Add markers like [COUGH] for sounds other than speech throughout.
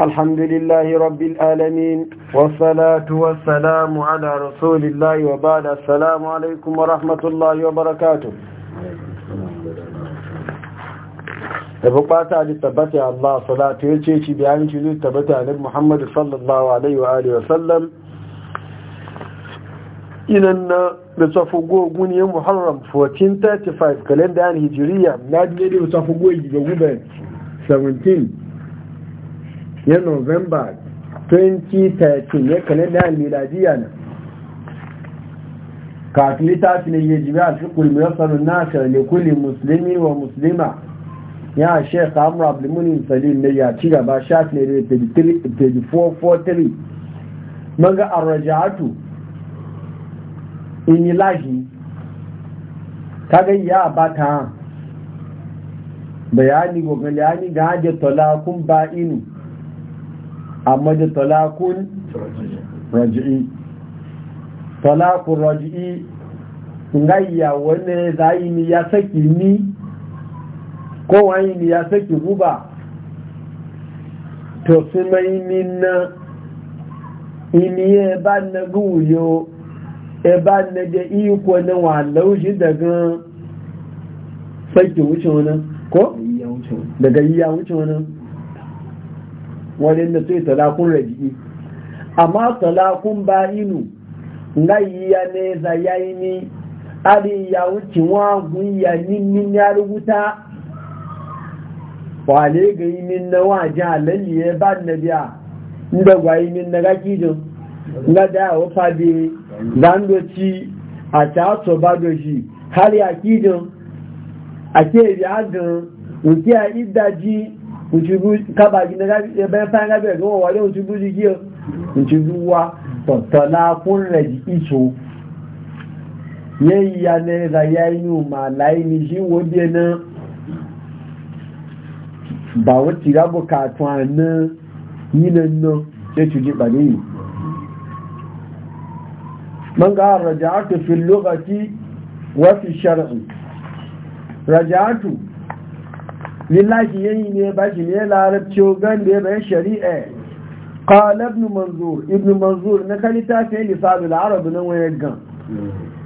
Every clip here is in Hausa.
الحمد لله رب العالمين والصلاة والسلام على رسول الله وبعد السلام عليكم ورحمة الله وبركاته bukata da tabbata Allah salatu ya ce shi bayan shi zai tabbata na Muhammadu sallallahu alaihi wa sallam inan na da gogun ya Muharram 1435 kalenda yan hijiriya na da da gogun 17 ya novemba 2013 ya kalenda miladiya na kafin littafi ne ya jibi alfikul miyasarun nasir ne kulli musulmi wa musulma ya sheikh amur abdulmunin salim ne ya ci gaba shafi ne da 3443 maga arrajatu in yi lahi kaga ya ta? bayani gogali ga hajjata la kun ba inu. amma da talakun raji'i talakun raji'i ngayya wani zai ni ya saki ni ko wani ni ya saki guba to su mai nina ini eba na guyo eba na da iko na walaushi daga saki wuce wani ko? daga iya wuce wani wani da sai talakun rabi'i amma talakun ba'inu ngayi ya ne za yayi ni ari ya wuce wa gunya ninnin ya rubuta wale ga yi min na waje halalli ya ba na biya inda gwa yi min na gaki na da ya wafa bi zandoci a taso ba doshi har ya kijin a ke biya a idaji kábàájí ẹbẹ́ fáyẹ́gábẹ̀ ẹ̀gbọ́n wà ní òtúbú jí gí gi òtúbú wá tọ̀tọ̀lá fún rẹ̀ ìṣò yẹ ìyà lẹ́rẹ̀ ya inú ma láì ní ṣí wó díẹ̀ náà bà wọ́n ti rábò kàtún àná yínà náà ṣe tù jí pàdé yìí mọ́ngá ga áàtù fi lókàtí wọ́n fi ṣẹ́rẹ̀ rọ̀jà lillahi yayi ne ba ne larabci gande bayan shari'a qala ibn manzur ibn manzur na kalita sai lisan al-arab nan waye gan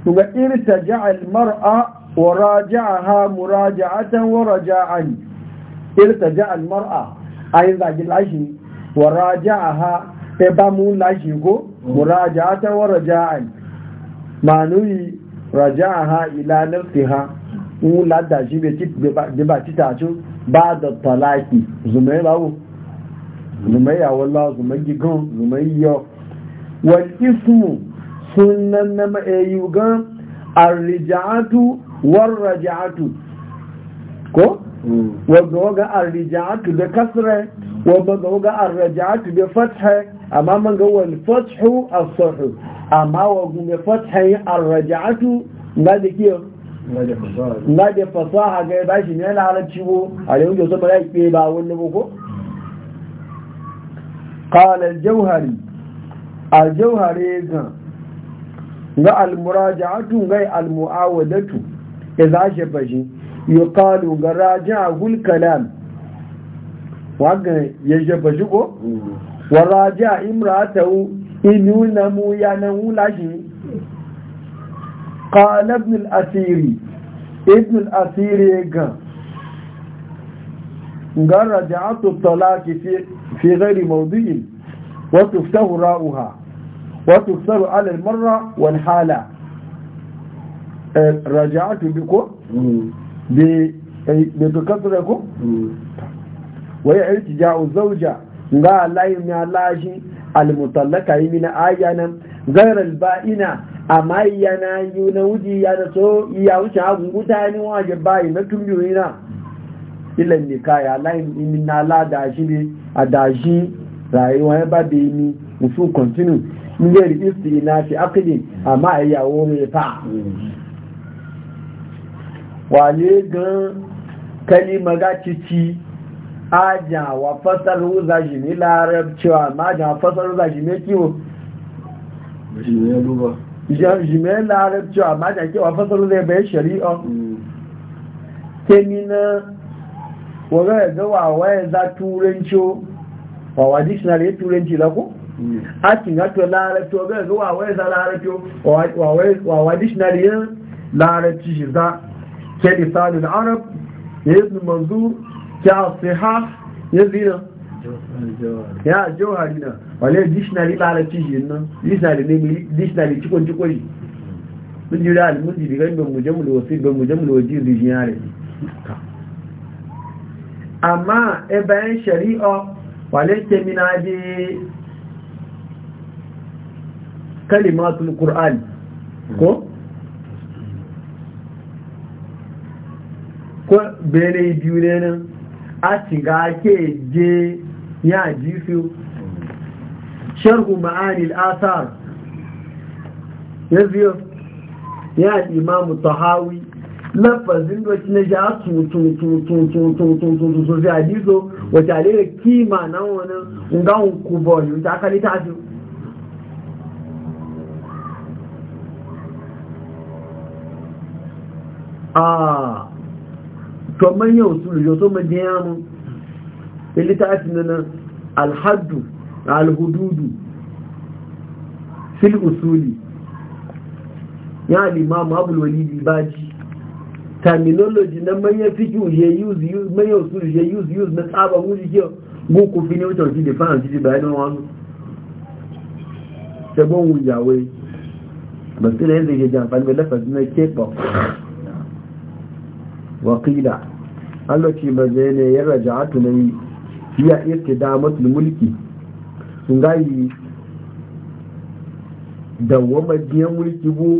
kuma irtaja al-mar'a wa raja'aha muraja'atan wa raja'an irtaja al-mar'a ayin zagi lashi wa raja'aha sai e ba mu lashi ko muraja'atan wa raja'an manuyi raja'aha ila nafsiha mu ladda shi be ba titacin ba da talaki zumai lawo zumai ya walla zumai gigan zumai yo wal ismu sunan na ma'ayu e gan arrija'atu war raja'atu ko hmm. wa ga arrija'atu da kasra wa ga arrija'atu da fatha amma man ga wal fathu as-sahih amma wa ga fatha arrija'atu ga da kiyo na da fasaha ga ba shi ne larabci ciwo a da yau zama ya ke ba wani boko qala al-jawhari al-jawhari ga ga al-muraja'atu ga al-mu'awadatu idza shafashi yuqalu ga raja'ul kalam waga ya shafashi ko mm. wa raja'a imra'atahu inuna mu yana wulashi قال ابن الأثير ابن الأثير إيه؟ قال رجعت الطلاق في, في غير موضع وتفته راؤها وتكسر على المرة والحالة رجعت بكم بكثركم وهي ارتجاع الزوجة قال لا يمنع الله المطلقة من آيانا غير البائنة amma yana yi na wuji ya da so iya wuce hagun guta ni waje bayi na tumbiyoyi na ilan ne kaya layin imi na ladashi ne a dashi rayuwa ya ba da imi musu kontinu miliyar isti na fi akidi amma a yawo mai fa wale gan kalima ga cici aja wa fasar wuza shi ne larabcewa ma aja wa fasar wuza shi ne kiwo jimẹ́ láàrẹ́bíọ́ àmájàkí wà ake lẹ́bẹ̀ẹ́ ṣẹ̀rí ọ tẹ́mi náà wọ́rọ̀ ẹ̀gọ́wà wà ẹ̀zá túrẹ́ńchó wàwà dìṣínàrí túrẹ́ńchí lọ́kú a ti gátọ̀ láàrẹ́bíọ́ ẹ̀gọ́wà wà ẹ̀zá láàrẹ́bíọ́ wàwà dìṣínàrí láàrẹ́bí ṣìzá ya johari na wale dictionary larabci shi nan dictionary ne dictionary cikon cikon mun jira almundi bi ganin mu jamul wasi ban mu jamul waji dictionary amma e bayan shari'a wale temina bi kalimatul qur'an ko ko bene biyu ne nan a shiga ke je ya jifiyo sharhu ma'anil asar ya ziyo ya imamu tahawi lafazin da na ja tuntun sosai a jizo wacce a lera kima na wani ngawon kubon yi ta aka littafi a to man yau su yau so mu diyamu littafin nan alhaddu alhududu fil usuli ya al-imam abul walid baji terminology na manyan fiki ya use use manyan usuli ya use use na tsaba mu ji go ku fi ne wutar ji da fa'an ji bayanin wani sabon wuyawai ba su da yanzu ya ji amfani lafazin na keɓa wakila allaci ba zai ne ya raja atu na yi hiya istidamatul mulki sun gayi dawwamar biyan mulki bu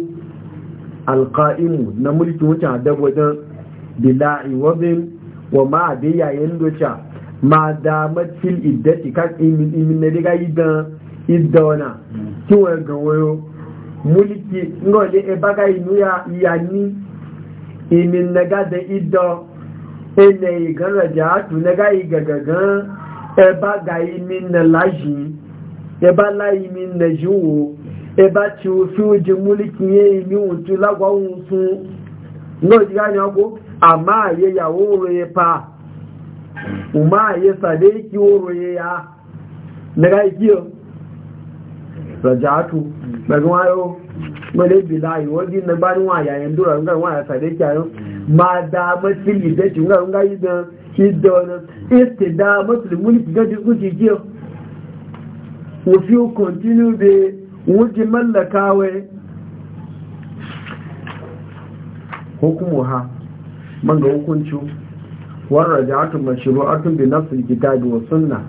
alqa'imu na mulki wuce a dabwajen bila'i wazin wa ma a da yayin doce ma damar fil iddati kan imin na riga idan idona ki wa ga wayo mulki ngole e baga inu ya yani imin na gada da idon ene igan raja atu igagagan eba ga imi na laji eba la na jiwo eba ti o fi oje muliki imi otu lagwa ohun sun ngo ji ga ni ọkụ ama aye yawo oro ye pa uma aye sade ki oro ya na ga o ayo gbẹlẹ gbani ma da matil idati nga nga yidan da istidamatul mulki gadi kuci je Mun fi continue be wuji mallakawe hukumu ha man ga hukunci warrajatun mashru'atun bi nafsil da wasu sunnah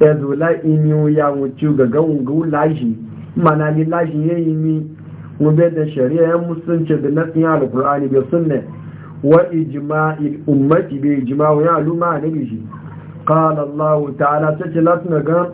ezu la inyu ya wuce ga gawu laji, mana ni laji ya yi ni mu da shari'a musulunci da nasin alkur'ani bai sunne وإجماع الأمة بإجماع يعلو ما نبيه قال الله تعالى تشلتنا قام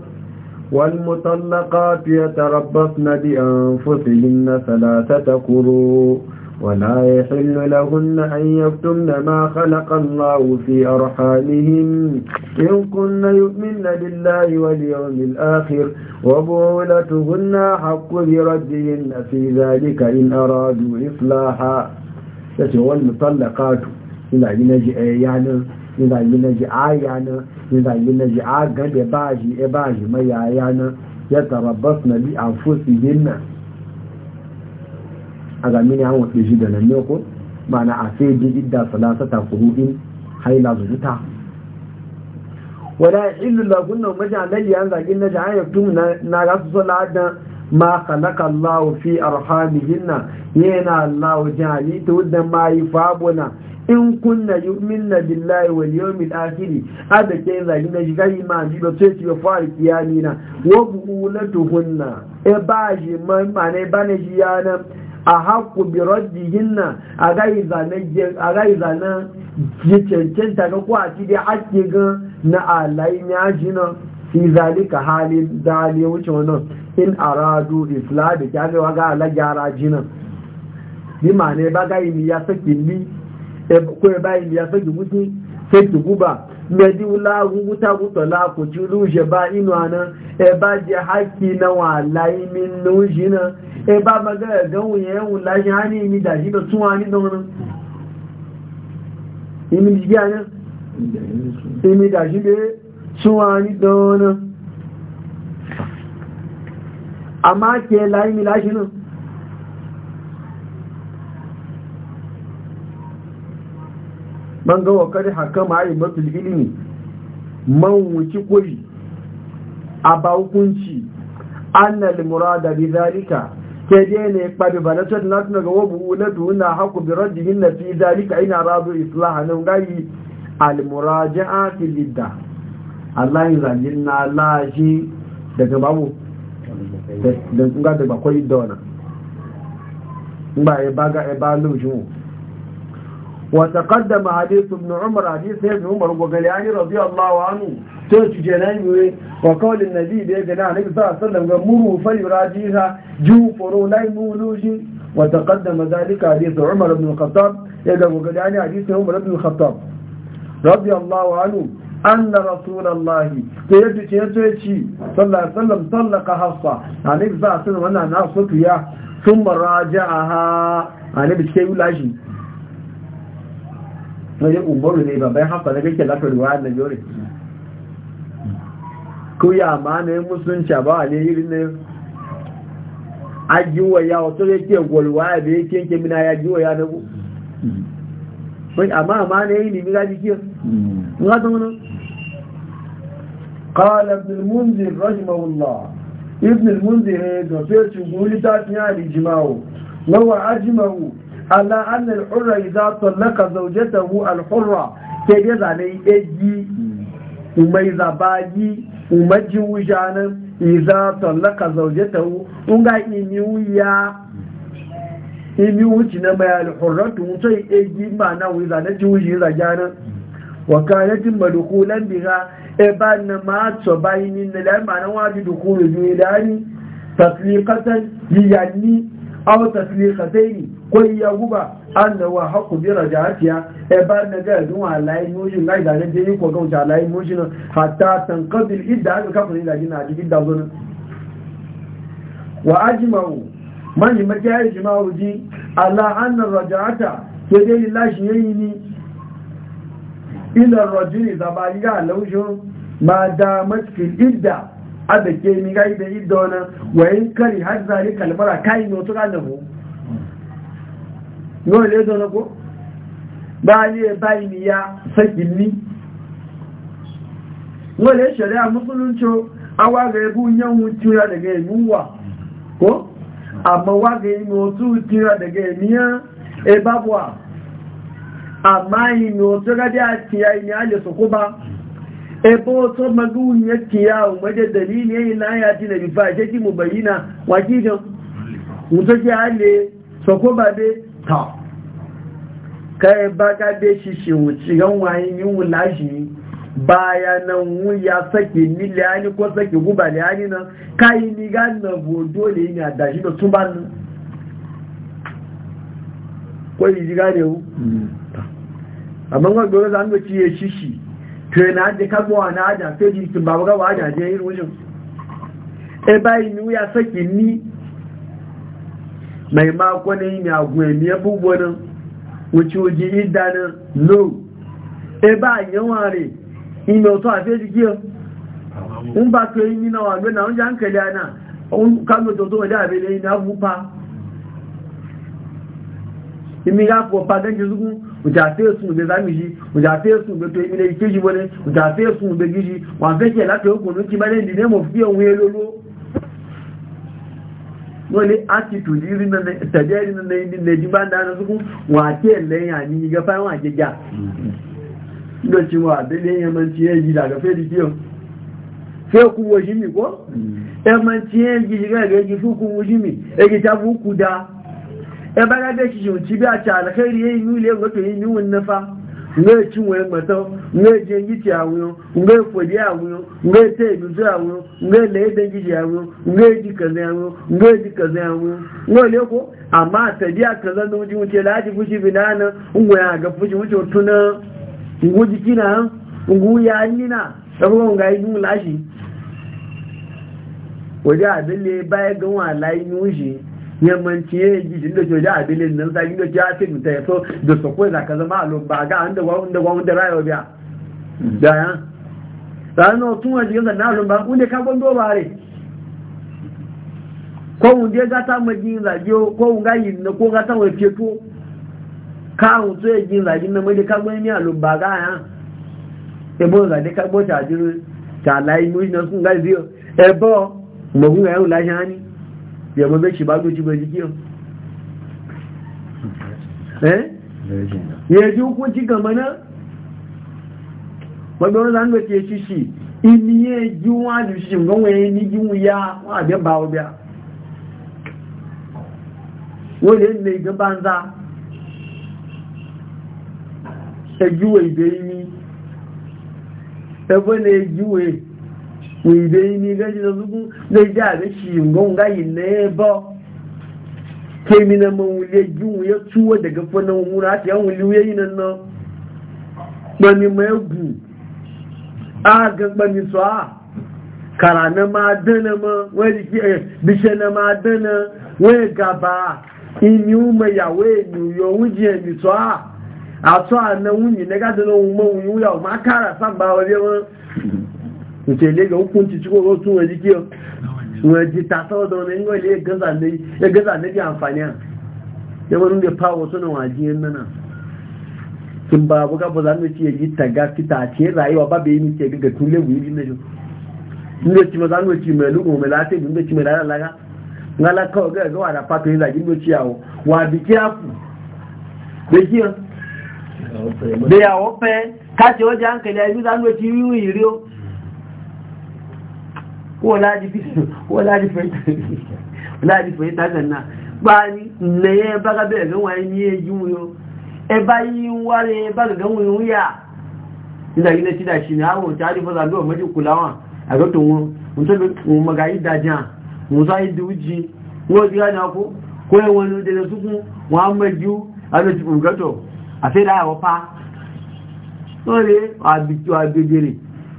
والمطلقات يتربصن بأنفسهن ثلاثة قروا ولا يحل لهن أن يكتمن ما خلق الله في أرحالهم إن كن يؤمن بالله واليوم الآخر وبعولتهن حق بردهن في ذلك إن أرادوا إصلاحا da ce wani katu. ina yi na ji eh yanin ina yi na ji a yanin ina yi na ji a gabe ba shi e ba shi mai ya yanin bas na bi a fusi hinna a ga mini an wasu shi da nan ne ko mana a sai ji idda salasa ta in haila zuta wala illu lagunna majalalli an zagin na jahayar tun na rasu saladan ma khalaqa Allah fi arhamihinna yana Allah jali to da mai fabuna in kunna yu'minna billahi wal yawmil akhir ada ke zagi na shiga imani da sai ci fara kiyami na wa buulatuhunna e ba ji man ba ne ba ne ji yana a haku bi raddihinna a gai zanen a ji cancanta ga ko a ci da hakki ga na alai ne na? fi zalika halin zali wuce wannan in aradu isla da kyamewa ga ala gyara jinan bi ma ne ba ya saki ni e ko ya e ya saki sai ki guba wula wuta wuta la ko ruje ba inu anan e ba je haki na wa e ba ga ga wuye wula shi hani da shi da tuwa ni don nan imi ji ga imi da shi be suwani dona amma ke layi milashi nan man ga wakari hakama a mafi ilimi man wuce kuri a bakunci annal murada bi zalika ke ne kpari ba na na latin daga wabu na duna haku bi rajihin na fi zalika ina rabu islahanin gari al-muraja'a fi lidda Allah yi zagin na lashi daga babu da kunga da bakwai da wana ba ya baga ya ba lushin wata kaddama hadisu ibn umar hadisu ibn umar gogali an yi rabi Allah wa hannu to ci je na yi wa kawalin nabi da ya gana nabi sa sallam ga muru fali rajiha ju foro lai mu lushin wata kaddama zalika hadisu umar ibn khattab ya ga gogali an yi hadisu umar ibn khattab rabi Allah wa hannu أن رسول الله تيجي تيجي صلى الله عليه وسلم طلق حفصة عليه الصلاة والسلام أنا ناصت يا ثم راجعها عليه بشكي ولاجي sai umar ne ba bai hafa na kake lafi ruwa na jore ko ya ma ne musulunci ba a ne irin ne ajiwa ya wato yake gwalwa da yake yake mina ya jiwa ya nabu amma amma ne yi ne mi gaji kiyar nga zama قال ابن المنذر رحمه الله ابن المنذر وفيت يقول تاتيا الإجماع لو أجمعوا على أن الحر إذا طلق زوجته الحرة تجد عليه أجي وميزة باجي ومجي وجانا إذا طلق زوجته ونقا إنيويا إنيوش نما الحرة ونطي أجي معنا وإذا نجي وجي وكانت مدخولا بها eba na mato bayi ni na lai ma nan waji da kuro juyi da ni tasliqatan yiyanni aw tasliqatayn ko ya guba annawa haqu bi rajatiya eba na ga duwa lai mujin lai da ne ko ga ta lai mujin hatta tanqabil idda ka kafin ila gina ji da zo wa ajma'u man yi makiya ijma'u ji ala anna rajata ke dai lillahi yayi ni ila rajuli zabaliga laushin ma damat fil idda abe ke mi gai da idda wani wayin kari har zari kalmara kayi n'otu to kana ho no le do ko ba ni e bai ni ya sakin ni no sharia musulunci awa ga ebu yan wutura daga emuwa ko amma wa ga yi mutu tira daga emiya e babuwa amma yi mutu ga da tiya ni ale su kuma ebe wasu magun ya kiyawo wadda dalili ya yi na ya ji na bifa ya ji mu bayyana wakilan mutu ji hale sako ba ta kai ba ga dai shi shi wuce gan wayin yin wula shi baya nan wu ya sake miliyani ko sake guba liyani nan kai ni gan na bodo ne yin adashi da tuba nan ko yi ji gane mm. wu amma ga dole zan ga ciye shi kìrì na jẹ kágbọ́ wà náà àjà tó jí ìtùmbà wọ́gá wà ya sẹ́kì mai mako e e na yin agun ẹ̀mí ẹbúgbọ́ na a ojí ìdáná ló ẹbá àyẹ̀wà rẹ̀ a ọ̀tọ́ àfẹ́jì kí ọ ń bá tó yí nínú wà lónà oúnjẹ ń kẹlẹ̀ àná kágbọ́ tó tó wọ́n dáàbẹ̀ lẹ́yìn náà fún pa ìmìyà ujafesun be zamiji ujafesun be to ile wọ́n lé attitude rí tẹ̀jẹ́ rí nínú ilé lẹ́jú bá ń dáná sókún wọ́n àti ẹ̀lẹ́yìn àní igẹ́ fáwọn àjẹjà lọ wọ́n àbẹ́lẹ́ ẹmọ tí ẹ yìí dàgbà fẹ́ dìkí fẹ́ kú wo sí mi kọ́ ya bana da shi yauci biya ci alkhairi yayi nuli ya wato yayi niwun nafa ngai cin wayan mata ngai je gici a wuyo ngai fodi a wuyo ngai te bizu a ngai le da gici a wuyo ngai ji kaza a wuyo ngai ji kaza a ngai le ko amma tabiya kaza da wuce wuce laji fushi binana ungwa ga fushi wuce tuna nguji kina ngu ya nina sabo ngai dun lashi waje abin ne baya gan wa layi nushi yammanci mm. ya yi gijin da jojo a bilin nan sa gido ya fi mutu ya so da su kuwa zaka zama a lomba ga an da wani da wani da rayuwa biya da ya ranar tun wajen yanzu na lomba wunde ka gwando ba re ko wunde ga ta maji zage ko wunga yi na ko gata wani feto ka hunso ya ji zage na mai da ka gwani a lomba ga ya ebo zage ka gwata jiru ta layi mu na sun ga ziyo ebo mahu ga yau lashe hani yamma mai ba bai jiki eh ya ji hukunci gama na wadda zan ga ce shi shi in ya ji wani shi gan waye ni ji wuya wa ba wa biya wani yin na ga banza ta ji wai ni ta bane ji wai wèdè ní gẹ́jì lọ́dún lẹ́jẹ́ àrẹ ṣìyàngọ́ gáyì lẹ́ẹ̀bọ́ kémi na mọ̀ wọ́n lè jí wọ́n yẹ túwọ́ daga fọ́nà wọn múra àti àwọn olè wọ́n yìí nà pẹ̀lú mọ̀ ẹ̀bù ágán pẹ̀lú sọ á kàrà na máa dánà mọ́ wọ́n yẹ ẹ̀ bíṣẹ́ na máa dánà wọ́n yẹ gàbà ìní ọmọ ìyàwó ènìyàn yọ wọ́n jẹ ẹ̀mí sọ á àtọ́ àná wọ́n yìí nẹ́gàdánà wọn mọ̀ mutele ga hukunci cikin wasu waje kiyo waje ta sau da wani ingwa ne ya e gaza e na biya amfani ya wani da fa wasu na waje yin nana kin ba buga ba za mu ci yi e taga fita ce rayuwa ba bai ni ce ga tule bu yi na jo ci ba za mu ci mai lugu mai lati ci mai lati laga ngala ka ga ga wada fa kai zagi mu ci yawo wa bi ki afu be ki be yawo pe ka ce waje hankali ayi za mu ci yi yi riyo ko láti fẹ́ ìtàgà náà bá lẹ́yẹ bága bẹ̀rẹ̀ gan wáyé ní ẹjú wọn ẹbá e yí ń wáre bága gan wọn ń yà nígbàgí lẹ́tí dàṣì ní àwọn òtí àdífọ́sà bí ọmọdé kù láwọn àgọ́tò wọn ń tó wọn mọ̀gá yí dájá wọn sọ ayé dúújì wọ́n ti rádà kó kó ẹwọn ní ọdẹ lọ́sùkún wọn á mẹ́jú alójúkùn gẹ́tọ̀ àfẹ́dà àwọ́pá lórí àbìtò àgbègbèrè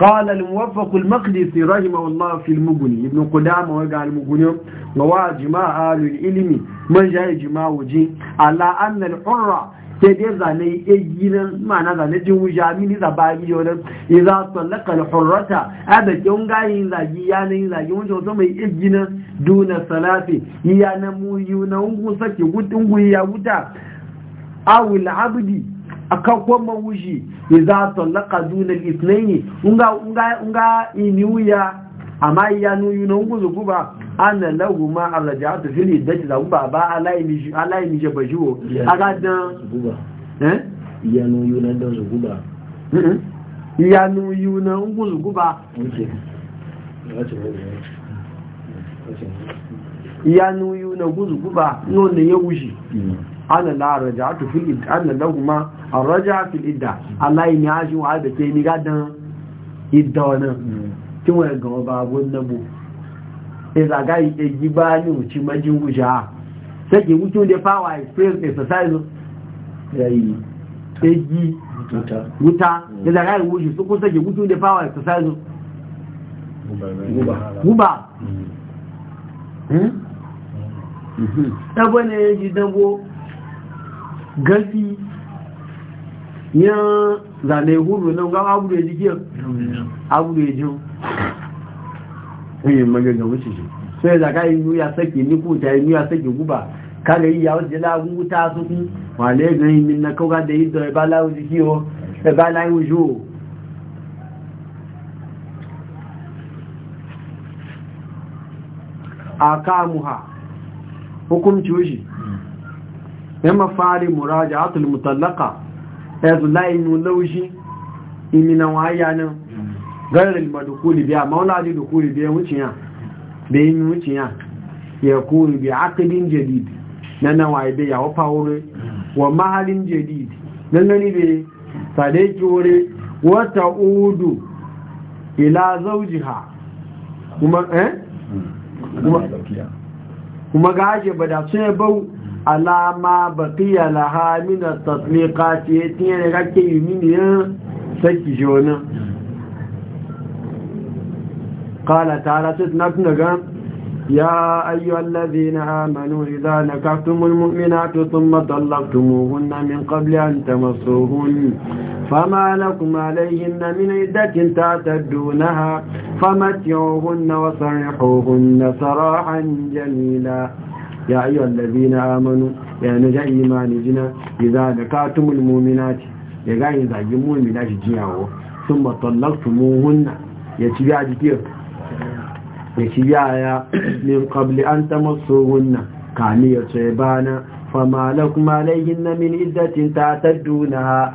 قال الموفق المقدسي رحمه الله في المغني ابن قدام وقع المغني وواء جماعة آل العلم من جاء جماعة وجي على أن الحرة تدي زاني ايجينا ما زاني جوجا مين إذا باقي يولا إذا طلق الحرة أبا جونغا إذا جيانا إذا جونجا وزما ايجينا دون ثلاثة يانا مو يونا ونغو سكي وطنغو يا وطا أو العبدي akan kuma wuji idza talaqa duna al-ithnayn unga unga amma ya nuyu na ana lahu ma arja'atu fil da ba ba alai ni alai ni dan eh? ya nuyu na dan zukuba ya na ya na ya wuji mm. ana la raja'atu fil idda ana lahuma raja fi idda Allah ni ji wa da ke ni gadan idda wana tin wa ga ba gon na bu e za ga yi ji e ba ni uci majin guja sai ki wuce da power experience exercise yayi eji wuta da e za ga yi wuce su kusa ki wuce da power exercise guba ɗago mm. hmm? mm-hmm. ne ya ji gasi yan zane huru nan ga abu da jikin abu da jin yin eh, magaga wuce shi sai da ka yi ya sake ni ko ta yi ya sake guba ka ga yi ya wuce lagun wuta su ku wale ga yi min na kawai da yi da ba lagun jiki o da ba lagun shi o a kamuha hukumci wuce ya mafari muraja atul mutallaka ya zula inu laushi imina waya nan garar madukuli biya mauladi dukuli biya wuciya da yi wuciya ya kuri bi akidin jadid na nawaye da yawa fawore wa mahalin jadid na nani da sadaki wore wata udu ila zaujiha kuma eh hmm. kuma gaje bada sai bau على ما بقي لها من التطليقات yatin ne kake سكجون قال تعالى jona يا أيها الذين آمنوا إذا نكحتم المؤمنات ثم طلقتموهن من قبل أن تمصوهن فما لكم عليهن من عدة تعتدونها فمتعوهن وصرحوهن سراحا جميلا ya ayyuha allazina amanu ya na ja imani jina idza dakatumul mu'minati ya ga yin zagi mu'mina shi jiyawo thumma tallaqtumuhunna ya ci ya jikir ya ci ya ya min qabli an tamassuhunna kani ya ce bana fama lakum alayhinna min iddatin ta'taddunaha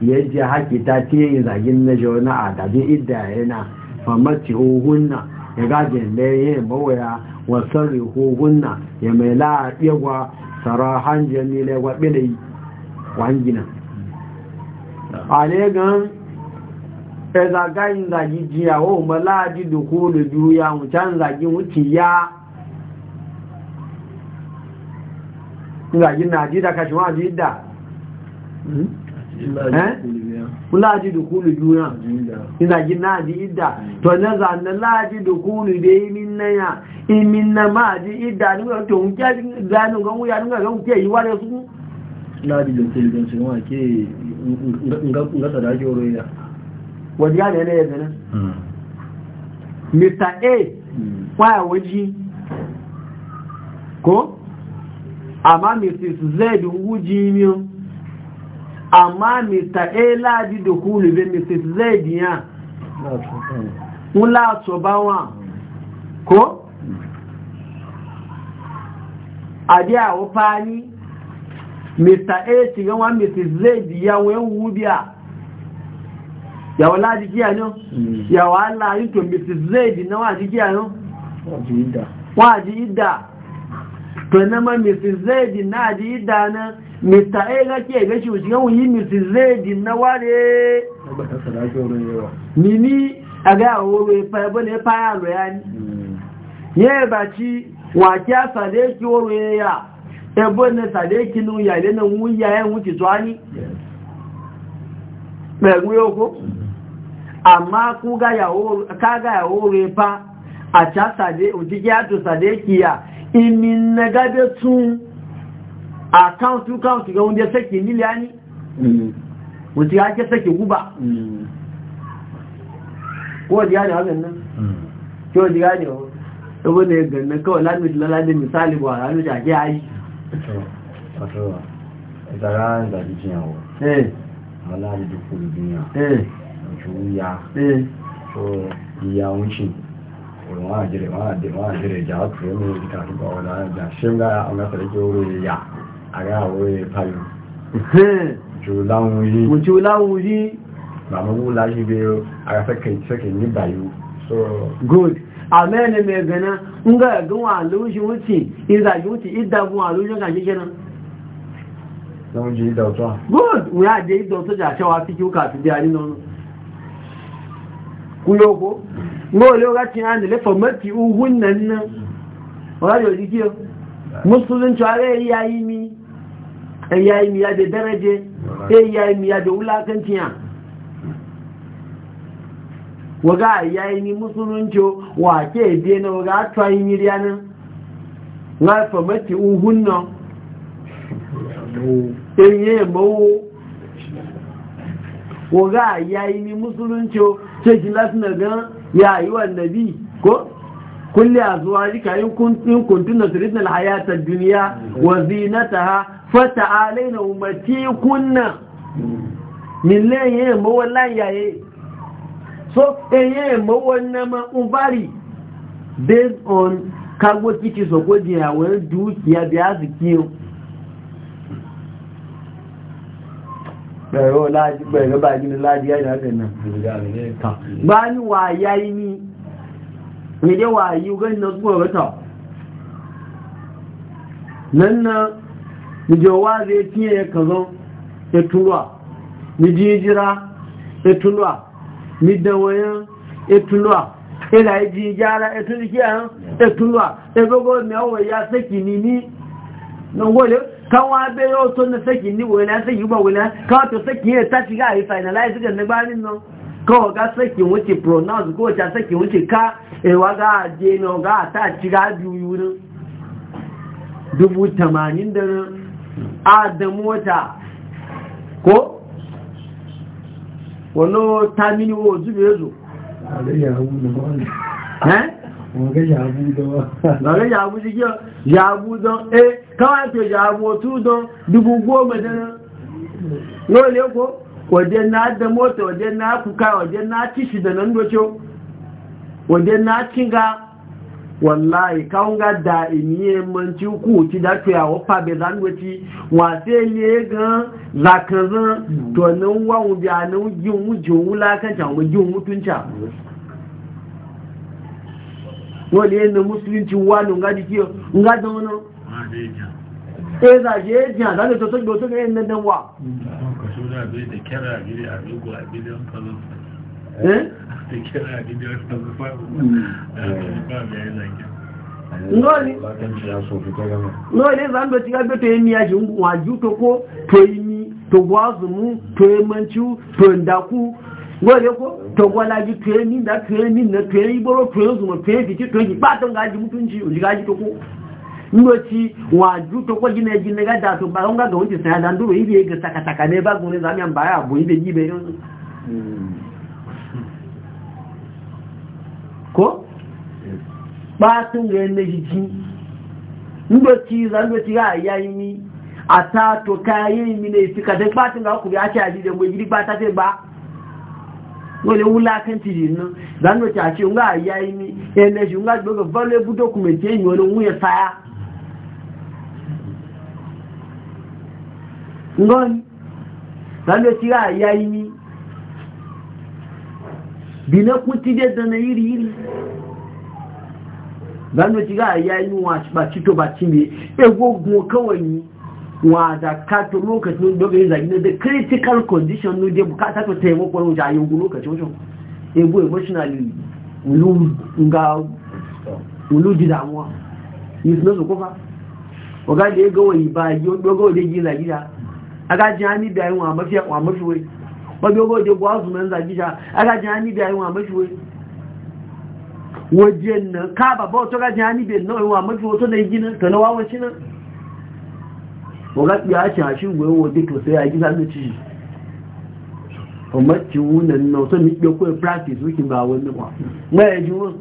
yaji haki ta ce yin zagin na jona a dadin idda yana famaci hunna ya gaje laye ya bawaya wasan rihohunna ya mai la'aɓewa sarahan jamila wa ɓilai wangina a ne gan ɗaza gayin zagi jiya wa umarlaji da kolo juya wucan zagi wuce ya zagi na ji da kashi wa ji da hmm? eh láàájí dùkúlù júra ìdàjí náà di ìdà tọ̀nà zànà láàájí dùkúlù dé ìmìnàyà ìmìnà máa di ìdà nígbà kí ngásà dájú oró mr a mrs hmm. amma mr a ladi da hulu bin mrs zaid ya mula so ba wa ko adi a wofa ni mr a ti gan wa mrs zaid ya wen wubia yàwó láti kí àná yàwó alá yìí tó mrs zaid náà wà sí kí àná wọ́n àti ìdá tó náà mrs zaid náà àti ìdá mita hmm. e gake ebe shi wuce yawon yi mrs zedi na ware nini a ga wore faibu ne faya ya ni ya ba ci wake a sadeki wore ya ebe ne na nu ya ile na wuya e hmm. ya wuce tuwani pẹ̀lú yóò amma ku ga ya fa a ca sade àtò sadeki ya imi tun account to account ga wanda sake miliyan ni mm. wuce ya ke sake guba mm. ko ji gane hakan nan ko ji gane wa ɗago ne kawai lalmit laladin misali ba a nuta ke ayi wato zara zaɓi jiyawo eh malari da kuri duniya eh juya eh so iya wuncin ya àrẹ àwọ̀ rẹ̀ pàlù [LAUGHS] jù láwọn yìí láyé bí i ara fẹ́kẹ̀ ní so good àmẹ́ni mẹ́gbẹ̀ná ń gẹ̀ẹ́gún àlóṣì wútì ìdàjú wútì ìdàgún àlóṣì kà ṣíṣẹ́ náà láwọn jẹ́ ìdàọ̀tọ́ good wọ́n á jẹ́ ìdàọ̀tọ́ jà ṣẹ́wà fíkí ó kà fi bí a nínú kúlógó ngóòlé ọgá ti hàn nílé fọmọ́tì uhun nà nná ọgá yóò rí kí o mùsùlùmí mi ai yayi miya da daraje ai yayi miya da wulakanciya waga yayi ni musulunci wa ke biye na waga tsayi miriyana na famati uhunna eye mawo waga yayi ni musulunci ce shi lasna ga yayi nabi ko kulli azwajika in kuntun kuntum turidna alhayata ad-dunya wa zinataha fata alaina umarci kunna milen yin mawon layaye so yin mawon nama ubari based on kagbo kiki soko jiya wani dukiya biya su kiyo pẹ̀rọ láti pẹ̀rọ bá gínú láti yájá rẹ̀ náà bá ní wà yáyí ní ìdíwà yíò gẹ́ ìnà tó pọ̀ rẹ̀ tọ̀ mijowa zai fiye ya kazo ya tulwa mijijira ya tulwa midawayan ya tulwa ila ya jijara ya tulki a ya tulwa ya gogo mewa ya saki ni ni na wale kan wa bai yau to na saki ni wani ya saki ba wani kawo to saki ya ta shiga a yi finalize ga na banin nan kawo ga saki wuce pronounce ko ta saki wuce ka ewa ga je na ga ta shiga biyu yunin dubu tamanin da nan a eh, da mota ko wano ta mini wo zube ya zo Lọ́rẹ́ yàbú sí kí ọ, yàbú dán, eh, káwàá tó yàbú ọtú dán, dúgbù gbóòmù dáná. Lọ́rẹ́ lé kó, ọ̀dẹ́ náà dán mọ́tọ̀, ọ̀dẹ́ náà kùká, ọ̀dẹ́ náà tíṣì dáná ń gbóṣó, ọ̀dẹ́ náà wallahi kan ga da imiye manci ku ti da tuya wa fa be zan wati wa se ye ga zakazan to nan wa u biya nan ji mu ji wula kan ta mu ji mutunta wole ne musulunci wa no ga diki ga da wono e za je ji da to to to wa so da be da kera gidi a rugo a eh lọ́ọ̀ ilé ìzàndọ̀ ti gágbé tó èmì ajé wọ́n àjú tó kó tó ìmì tó gbọ́azùmú tó èmọ̀ntíú tó ìdákú lọ́ọ̀lẹ́ kó tó gbọ́lájú tó na ìdá tó èmì ìnà tó zuma ìgbọ́rọ̀ tó èzùmọ̀ tó èmì tó èmì pàtó gájú mútúnjì òjìgájú tó kó ndoci waju to ko jine jine ga da to ba on ga ga wuce sai da nduru ibe ga takataka ne ba gune zamiyan baya ibe ko batun ga yanda jiki ndoci za ndoci ga yayi ni ata to kayi mi ne fika da batun ga ku ya ci aji da mu gidi bata te ba wole wula kan ti din no za ndoci a ci nga yayi ni ene ji nga do ga valuable document e ni wona wuya saya ngon za ndoci ga yayi ni bi na kuti da da na yiri yiri zanu ci ga yayi wa ba ci to ba ci me ego gun kawai wa da ka to lokacin da ga zagi da critical condition no da bukata to taimako ran ja yin lokacin e wajen ego emotionally lu nga lu di damuwa yi suna su kofa oga da ya yi ba yi oga da ya gina gida aga jihani da yi wa mafi wai wọ́n bí ó bọ́ jẹ́ bọ́ ọ̀sùn mẹ́rin zàjíjà agájẹ́ á níbi àìwọ̀n àmọ́ṣùwé wọ́n jẹ́ nà káàbà bọ́ tó gájẹ́ á níbi náà ìwọ̀n àmọ́ṣùwé tó lè jìnà tẹ̀lé wá wọ́n síná wọ́n gá pé àṣà àṣìwé wọ́n dé kò sẹ́yà jíjá ló ti ọmọ tí wọ́n nà nà tó ní pé kó practice wíkì bá wọn níwà mẹ́rin ju wọn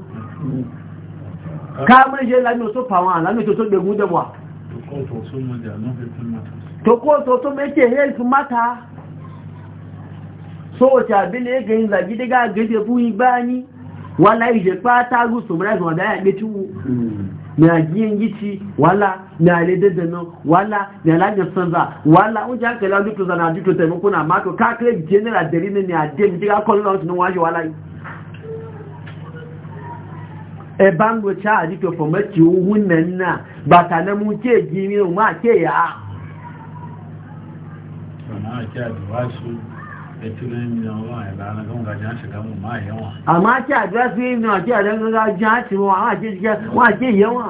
káàmì jẹ́ lámì tó pa wọn lámì tó tó gbẹ̀gún dẹ̀wà tó kó tó tó mẹ́tẹ̀ health matter so wace abin da ya gani zagi daga gaje buyi bani wala ije fata gusu mura wala wala sanza wala na ne ne wala yi bango na bata mu ma ya àmá tí àjọ́ sí inú àti àjọ́ gẹ́gẹ́ ajá àti wọn àwọn àti ìjẹ́ wọn àti ìyẹ́ wọn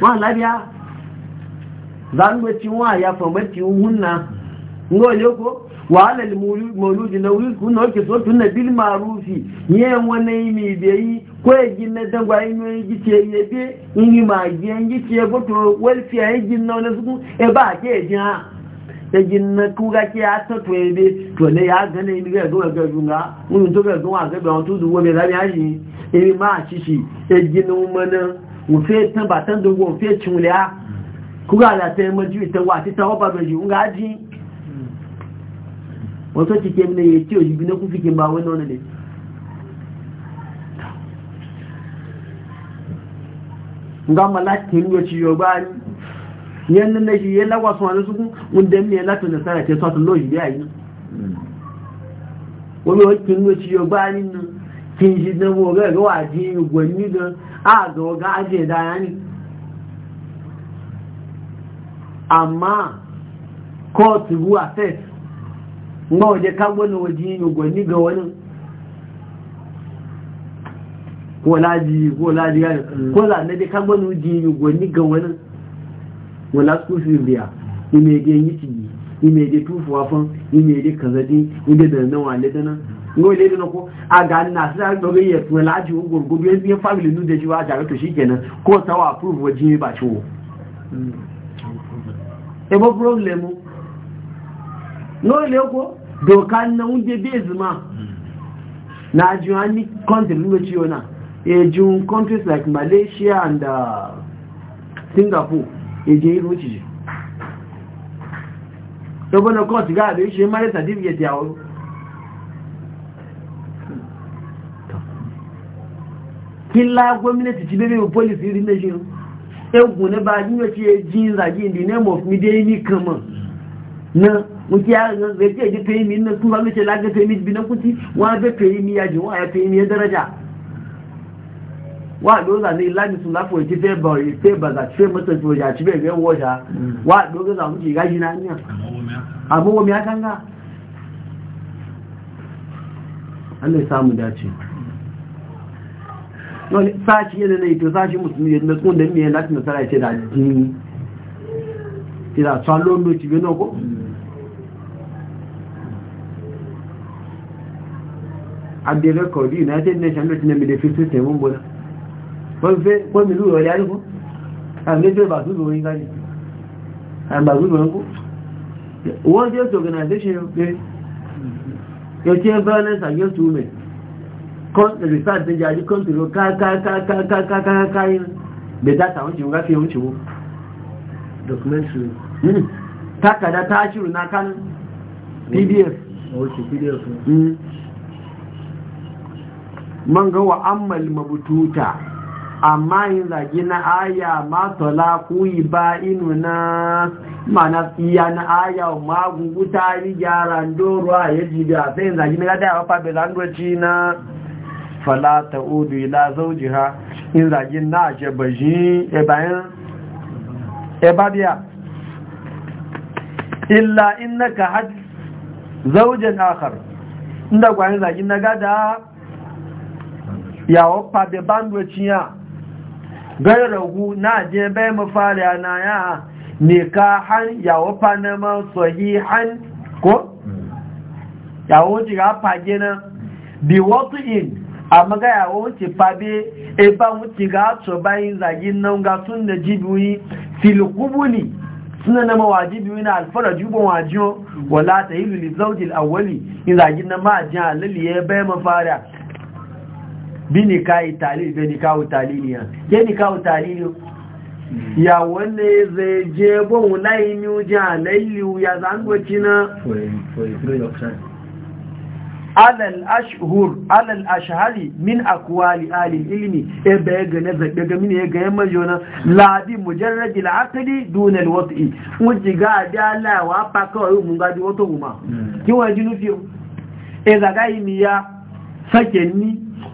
wọ́n lábíá zanúgbé tí wọ́n àyà fọ̀mọ́ tí na ngọ́ yóò wàhálà mọ̀lúdì na wíkú náà kì sótún na bí marufi yẹ́ wọn na imi ibẹ̀ kó dangwa egin na kuga ke ya ta to ebe to ne ya gane ni ga do ga junga mun to ga do wa ga ba to du wo me da ya yi ebi ma shishi egin na mana mu fe tan ba tan do wo fe chule a kuga la te mo ju te wa ti ta ba be ju nga ji wo to ti ke mi ye ti o bi na ku ke ba wo no ne nga mala ti ni o ci yo ba ni yannan na shi yana wasu wani suku wanda mai latin da sarrafa su atun lọ́jì bí àyínú shi yóò kí ní oṣù yóò bá nínú kí n ga dánwò ọ̀rẹ́ ẹ̀rọ àjí ìgbò nígan ààgọ̀ ọ̀gá ajé ìdára ní àmá kọ́ọ̀tù rú àfẹ́ ńgbọ́n ọ̀jẹ́ kágbọ́nà òjì ìgbò nígan wọn náà kó láàájì kó láàájì kó láàájì kágbọ́nà òjì ìgbò nígan ga wani. wala school fees biya ime de yi tigi ime de tufu afan ime de kazadi ime da nan wale da nan ngo ile dana ko a na sai an dogo ya tuwa laji un gurgudu ya biya family nu da ji wa jaga to shikenan ko tawa approve waje ba ciwo e ba problem ngo ile ko doka na unje bezma na ji wani country nu ciwo na e ji countries like malaysia and uh, singapore èdè ìlú òjìjì tó bọ́nà kọ́ọ̀tù gáàdù ìṣe mẹ́rin sàdífìyẹ̀tì àwọn kí ńlá gómìnàtì ti bébé pólìsì rí méjì ẹgbùn ní bá yíò tí ẹ jí ń ràjí ìdí name of media ní kan mọ̀ na mo ti àrùn rẹ̀ tí èdè pé mi mi wa doza ne lani sun lafi ti fe ba fe ba za fe mata to ya ci be ga wosha wa doza za mu ci gaji na nya? abu wa mi akan ga Allah ya samu dace wani sashi yana ne to sashi musulmi yana tsun da mi yana tsun sarai ce da jini ti da tsallon do ci be no ko abdul kodi united nations ne mi da fitu te mun bona pọ́mìlú ìrọ̀lẹ́ àríkú àgbẹ́jọ́ organization and documentary hmm. amma yin zage na aya matola kuyi ba inu na mana iya na aya magungu ta yi gyara ndoro a ya jibi a sai yin zage e e na gada ya faɓe zandoci na falata odu ila zauji ha yin zage na a ce bashi ebayan ebabiya illa ka had zaujen akar inda kwanin zage na gada yawon faɓe bandoci ya gairagu na je bai mafari na ya nikahan yawo panama sahihan ko yawo jiga fage na bi wasu in amma ga yawo ci fabe e ba wuce ga to bayin zagin nan ga sun da jibiyi filkubuli suna na mawajibi na alfara jubon wajiyo wala ta yi lulizauji awali in zagin na ma ajiyar lalliye bai mafari bini nìkáyì tàlìlì bini nìkáwò tàlìlì ya jẹ́ ni tàlìlì yàwó ní zai je bo wulai ní oúnjẹ́ àlẹ́ ìlú yàzá ń gbọ́chí náà alal ashahari min akwali alil ilmi e ba ya gane ga mini ya ga yamma jona labi mujarradi al'aqdi dun alwati mujiga da la wa pa ko mun ga di wato kuma mm. ki wa ji nufi e zaga ni ya sake ni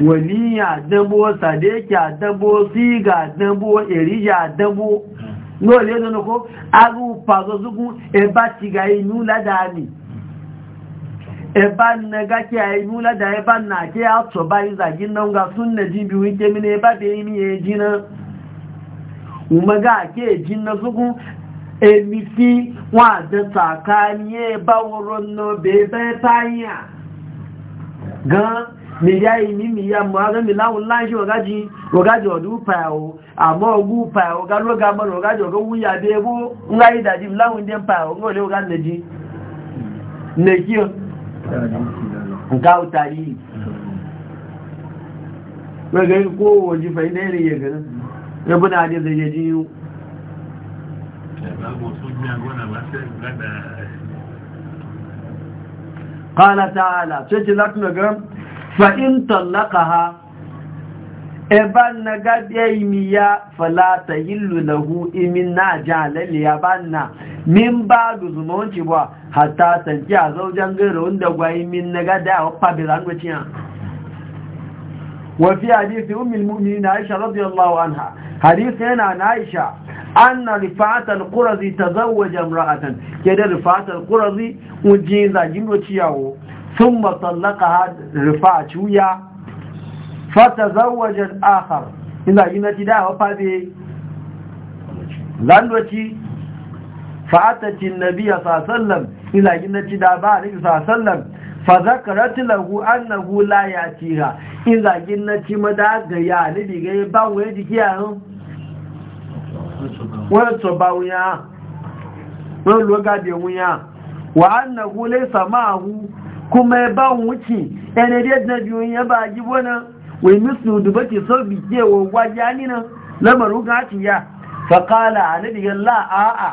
waliya dambo sadeka dambo siga dambo erija dambo no le do nko aru pazo zugun e ba tiga inu lada ni e ba naga ki inu lada e ba na ke atso ba iza jinna nga sunna jin bi wike mine e ba be mi e jina umaga ke e jinna zugun emi ti wa da takani e ba woro no be be tanya gan miyayi ni miya mwaga milawo lanshi wagaji wagaji wadu amma ama ogu pawo galo gama wagaji waga wuya bebo nga idaji milawo ndi pawo nga ole waga neji nekiyo nka utari waga ko waji fa ina ire yega ya buna ade da yaji yu قال تعالى تجلت نقام fa'in tallaka ha eban na gabe imiya falata yillu lahu imin na jalali ya banna min ba da zumanci ba hata sanki a zaujen gara wanda gwayi min na gada a wafa bi zangociya wafi hadisi umar mummini na aisha radiyallahu anha hadisi yana na aisha an na rifatar kurazi ta zauwa jamra'atan ke da rifatar kurazi wujin zagin ciyawo sun matsalaka rufa a cuya fata zawajen akhar ina yi na ti da hafa be zandoci fa'atacin nabiya sasallam ina yi na ti da ba a rikin sasallam fa zakarat lahu annahu la yatiha in zagin na ci mada ga ya ni diga ba waye jiki a wani to ba wuya wani loga bi wuya wa annahu laysa ma'ahu kuma ya ba wuce yanariyar na biyu ya ba ji wani wai mislu duba ke sau bike wa wajani nan lamarin gaci ya faƙala a nadiyar la'a'a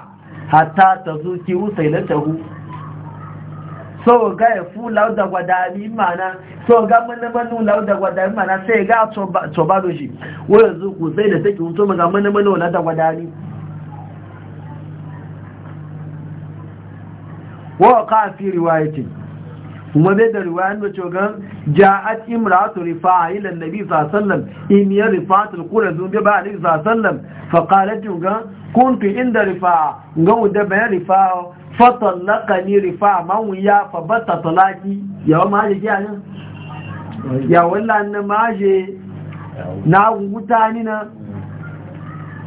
hata ta zuki wusai na tahu so ga ya fu lauda gwadami mana sau ga mana manu lauda gwadami mana sai ga tobado shi wai zuku zai da take hutu ga mana manu lauda gwadami wa ka fi riwayatin kuma bai da riwayar da cogan ja'at imratu rifa'a ila annabi sallam in ya rifa'at al-qura zun bi ba annabi sallam fa qalat cogan kuntu inda rifa'a ga wanda bayan rifa'a fa tallaqani rifa'a man ya fa batta talaqi ya ma je ya nan ya wallahi na maje na gutani na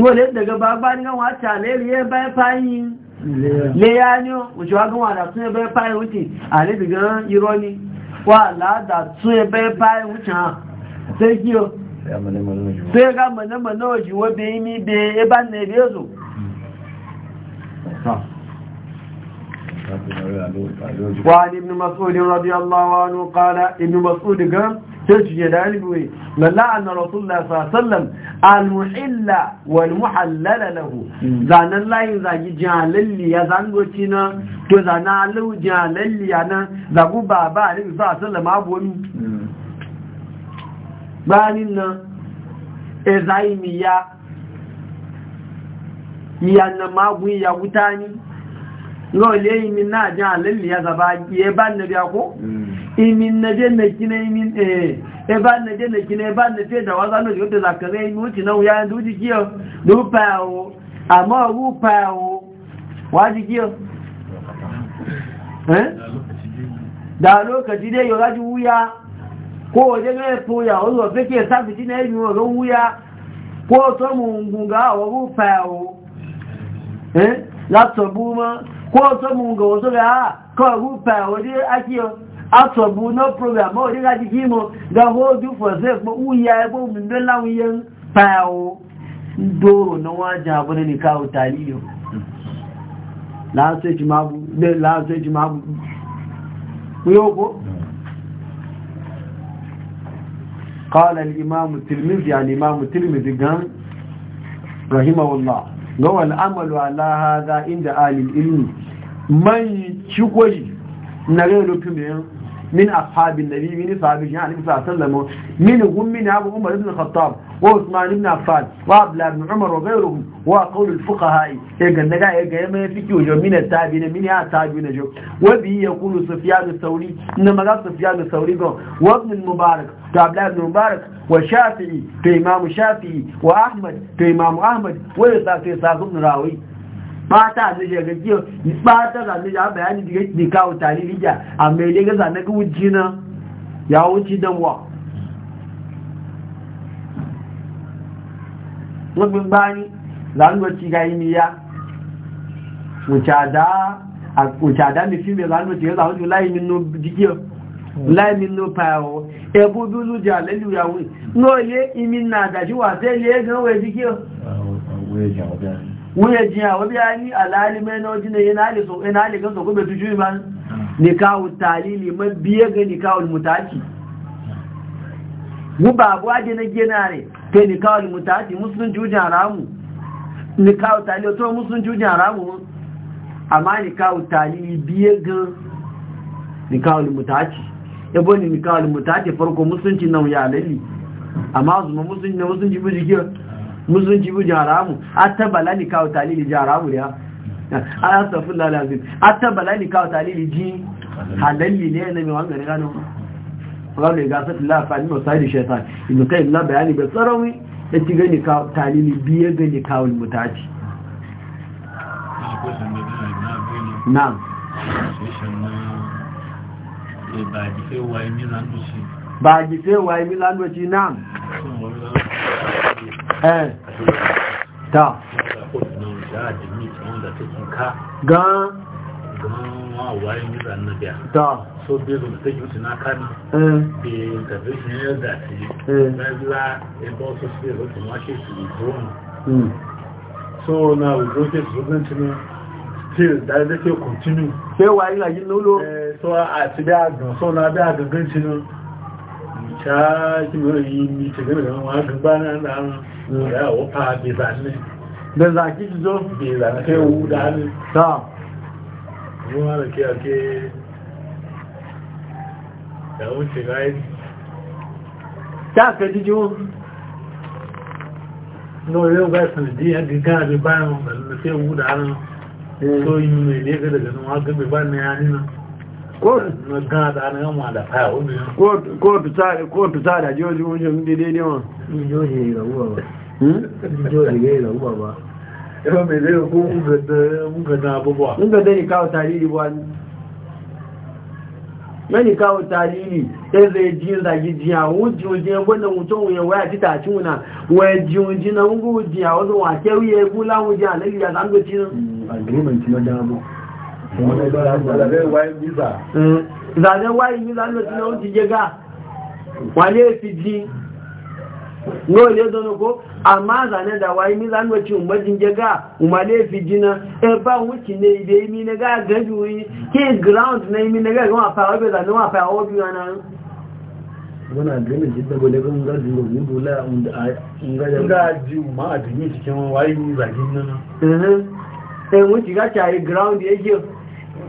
wọlé daga bàbá ní àwọn àtàlẹ́rí ẹbá ẹfáyí léyá ní òṣèwágún wà dàtún ẹbá ẹfáyí wùtì àlébì irọ́ ní wà látàtún ẹbá ẹfáyí wùtàn ṣe kí o ṣe ká mọ̀nàmọ̀nà òjìwọ́ bí ní bí ẹbá nẹ̀rí èzò وعن ابن مسعود رضي الله عنه قال ابن مسعود قال تجي دالوي لعن رسول الله صلى الله عليه وسلم المحل والمحلل له زان الله زاجي جاللي يا زانغوتينا تو زانا لو يا نا زغو بابا عليه الصلاه والسلام ابو بانينا ازايميا يا magwi ya wutani ngo leyi min na jan lalli ya zaba ye ban nabi imin na je na kina imin eh eba na je na kina eba na da waza no yote za kare imin na uya ndu ji kiyo du pa ama wu pa wa ji kiyo eh da lokaci dai yo gaji wuya ko waje ga ya o lo fe ke sa bi na imin o wuya ko to mu ngunga o wu pa eh la to ma ko to mu ngo so ga ko wu pa o je atọ̀bù no program ọ̀ nígbà ti kí mo ga hold you for safe mo ẹgbẹ́ òmìnirẹ́ láwọn iye ń pa ẹ̀wọ̀ dóòrò náà wọ́n jẹ́ àbúrẹ́ nìka òtà lílò láàáṣẹ́ ìjìmá bú aláhádá inda alìlú man manyi na rẹ̀ mẹ́rin من أصحاب النبي من صحابه يعني صلى الله عليه وسلم منهم من أبو عمر بن الخطاب وعثمان بن عفان وعبد الله بن عمر وغيرهم وقول الفقهاء يقول إيه لك يقول إيه ما يفكي وجو من التابعين من يا التابعين جو وبه يقول سفيان الثوري إنما قال سفيان الثوري وابن المبارك عبد الله بن المبارك وشافعي إمام الشافعي وأحمد في إمام أحمد ويساق يساق بن راوي bata ne ya kiyo bata da ne ya bayani diga ni ka uta ni lija amma ile ga jina ya wuci dan wa mun bani zan go ci ga ni ya uchada a uchada mi fi me zan go ga zan lai min dikiyo lai min no pa o e bu du lu ja le lu ya wi no ye na da wa wuya jiya wabi ya alali mai na wajen yin na in halikan sako bai ba Ni kawo talili ma biye ga mutaci mutaki ba abuwa ji na gina ne ta kawo mutaci musulun ramu haramu kawo talili to musulun jujin haramu amma kawo talili biye ga kawo mutaki yabo ni kawo mutaki farko musulunci na wuya lalli amma zuma musulunci na musulunci bu musulunci bu jaramu hatta ni kawo talili jaramu ne a ya safin lalazin hatta ni kawo talili ji halalli ne na mai wangane gano wani gasar lafani masu da shaitan inu kai na bayani bai tsarawi da ci gani kawo talili biye gani kawo mutaci na'am ba a gife wa yi milan ci na'am Eh. ta gan ta eh. hmm. so bí ẹgbẹ̀rún tó yìí ti náà ká ní bí intervention yẹ́dà sí rẹ́gbẹ́lá ẹgbọ́ tó sí ẹ̀rọ tó wá so na òjò tó so àti bí àgbọ̀n so na bí da zaki ki zo? da na kai wuda ne ta ruwa da ke ake da wuce gai ta ka ji jiwo no yau ga sanadiyar gagara bai bayan da na kai wuda ne so yi mai ne ga daga nan wa gabe bayan na ko fita da joji wajen daidai yawan joji ne ga uwa ndị joji ne ga uwa ba yawan mai zai ko muka na abubuwa inda zai kawo tarihi ba mẹ́ni káwọ tàrírí ẹzẹ̀ jíun dàgídì àwọn ohun tó wáyà títà tí wùn náà wọ́n náà ń gbọ́ àwọn ìzàdẹ́ wáyé nílá ló ti lọ́wọ́ ti jẹ gáà wà ní èfi jí ní olè dánukó àmá àzànẹ́ dàwáyé nílá ló ti ọmọ jí jẹ gáà wà ní èfi na ẹbá wọ́n ti ní ìdẹ imi ní gáà gẹ́jù yìí kí ground na imi ní gáà wọ́n wọ́n àpàwọ́ bí wọ́n na wọ́n ground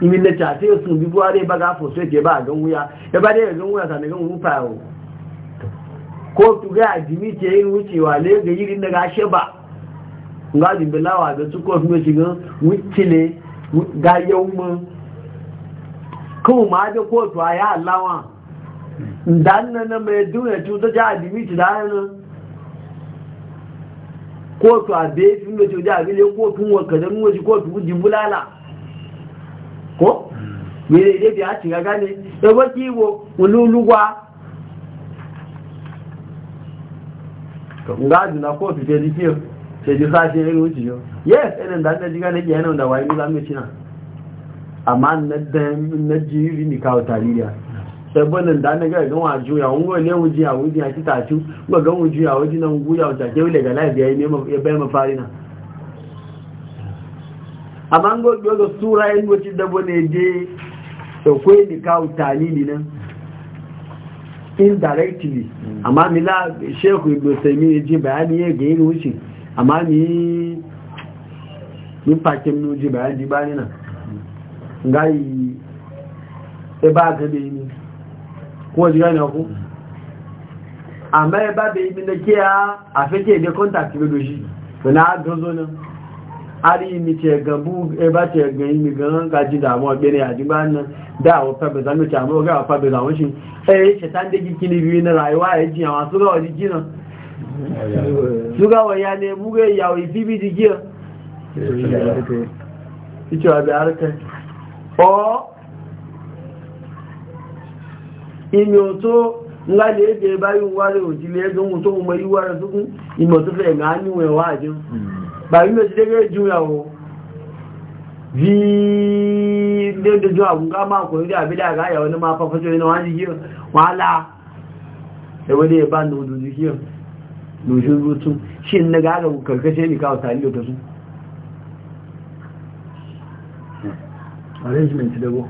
imi na tafe su bi buware ba ga fosu ke ba a gan wuya ya e ba dai gan wuya sanin gan wufa o ko tu ga adimi ce yin wucewa le ga yiri da gashe ba nga di belawa ga su ko mu shigan wucile ga yau mu ko ma da ko to ya allawa dan na na mai duniya tu ta ja adimi ci da na ko to abe fin da to ja bile ko tun wa kadan wuci ko tu jibulala ko mere ide bi a ciga gane ebe ki igbo olulugwa nga na ko fi je dikiyo je ji sa je ru ji yo yes enen da da diga ne je nan da wai mi zamu cina amma na da na ji ri ni kawo tariya sabo nan da na ga ga wa ju ya ngo ne wuji a wuji a kita chu ngo ga wuji ya? wuji nan guya o ta ke le ga lai bi ai ne ma ya bai ma farina amma ngo yoga sura yin wacce dabo ne je to kwai ni kawo talili nan indirectly amma mi la shehu ibn taymi ne bayani ya ga yin wuce amma ni ni pakin nu je bayani nan ngai e ba ga yi ni ji ga na amma e ba be mi ne ke a afeke de contact be doji na gozo nan yi mi ce gabu e ba ce gani mi gan gaji da mu bene a ba ban da wa fa ba zanu ta mu ga fa ba zanu shi eh shaitan da gikini biyu na rayuwa ya e ji amma su ga wani gina su ga ya ne mu ga ya wi bibi di giya ito abi arka o imi o to nga le ebe bayi ware ojile egun to mo yi ware sukun imo to fe ga ni we wa ajun bàbí méjì dẹ́gẹ́ jùyàwó bí dédójú a máa kò rí àbídà àgáyà wọn ní máa fọ́fọ́jọ́ iná wọ́n yíyí wọ́n lá ẹwọ́dé hmm? ẹ̀bá ní òdòdó yíyí lójú rútú ṣe ń nẹ́gá àgbà kàrkẹ́ṣẹ́ nìká ọ̀tà ilé òdòdó arrangement dago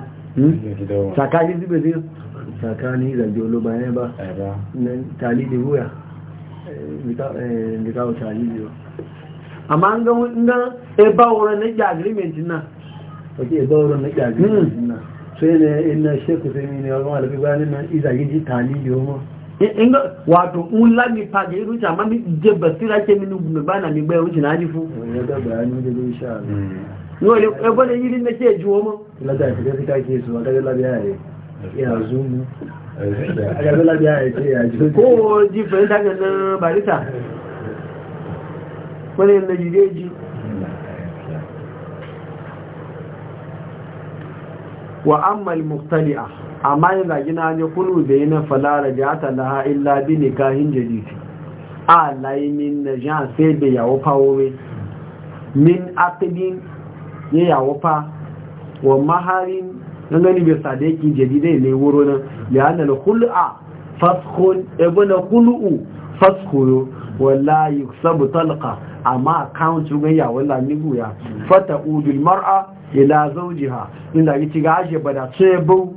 tsakani zube zai tsakani zargi oluba ne ba tali da wuya nika wuta ne ba amma an ga eba wurin na ƙi agreement na wake eba wurin na agreement na hmm. so yana ina sheku sai mini wa gama lafi bayanin na izagiji talili mo inga wato un lami pàdé irúta ma mi jẹ bẹ̀síra ṣe nínú na mi gbẹ́ irúta náà rí fún ẹgbọ́n lè yírí mẹ́tí ẹ̀jú ọmọ látà ìfẹ́ síká kí èsù wani yadda ji wa ammal muktali'a amma yin na hanyar kulu da yi na falara da ya talaha illa bi ne kahin a laimin na jan sai da yawo fawowe min akidin ya yawo fa wa maharin na gani bai jadidai ne wuro nan da hannun hul'a fasko ebe na hul'u yau wallahi sabu talqa amma account ruwan ya wala buya fata udul mar'a ila zawjiha inda yake ga aje bada ce bu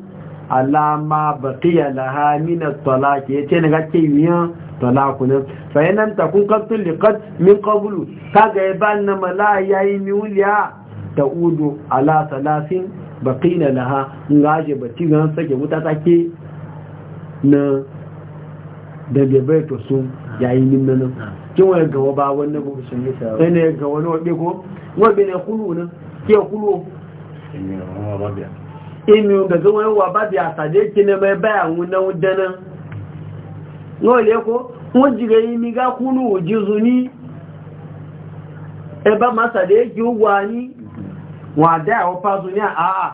alama baqiya laha min at-talaq yace ne ga ke yiya talakunan kun takun kattun likat min kabulu kaga ya ba na mala ya yi miwuliya ta udu ala talatin bakina laha ga aje bati gan sake wuta sake na da to sun yayin min nan ah. kin wani gawa ba wannan ko sai ne ga wani wabe ko wabe ne kulu nan ke kulu imi ga ga wani waba bi asade ki ne mai baya wannan wudana no le ko wọ́n jìgẹ̀ imi ga kulu òjìzù ní ẹbá e masàdé kí ki wà ní wà dá ẹ̀wọ́ pàṣù ní àà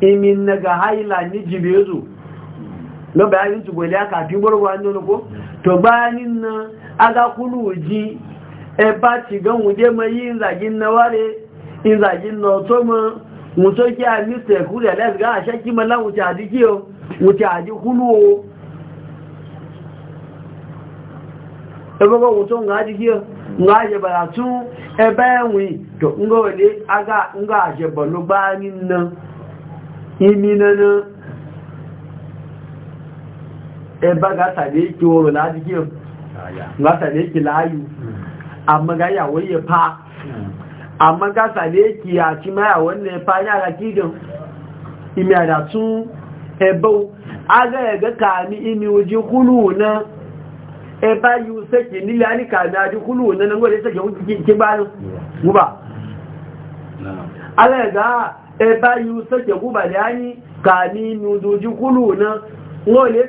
imi na ga haila ní jìbẹ̀ lọ́bẹ̀ ayé tùgbẹ̀lẹ́ àkàtí gbọ́rọ̀wà ní olùkó to bayanin nan aga kuluji e ba gan wuje zagin na ware in zagin ma wuto ki a a lafi gan a mala wuce a jiki o ji kulu o e ba wuto nga o nga enwi ẹgbẹ́ gátàlẹ́ èkì oòrùn láàdíkì gátàlẹ́ èkì láàyù àmọ́gáyàwó yẹ pa àmọ́ gátàlẹ́ èkì àti máyàwó ní pa ní ara kídùn ìmì àdàtún ẹbọ́ agẹ́ẹ̀gẹ́ kààmì ìmì ojú kúlù náà ẹbá yíò sẹ́kì nílẹ̀ àníkààmì ajú kúlù náà nígbẹ̀rẹ̀ sẹ́kì ẹbá yíò na. E wọ́n lè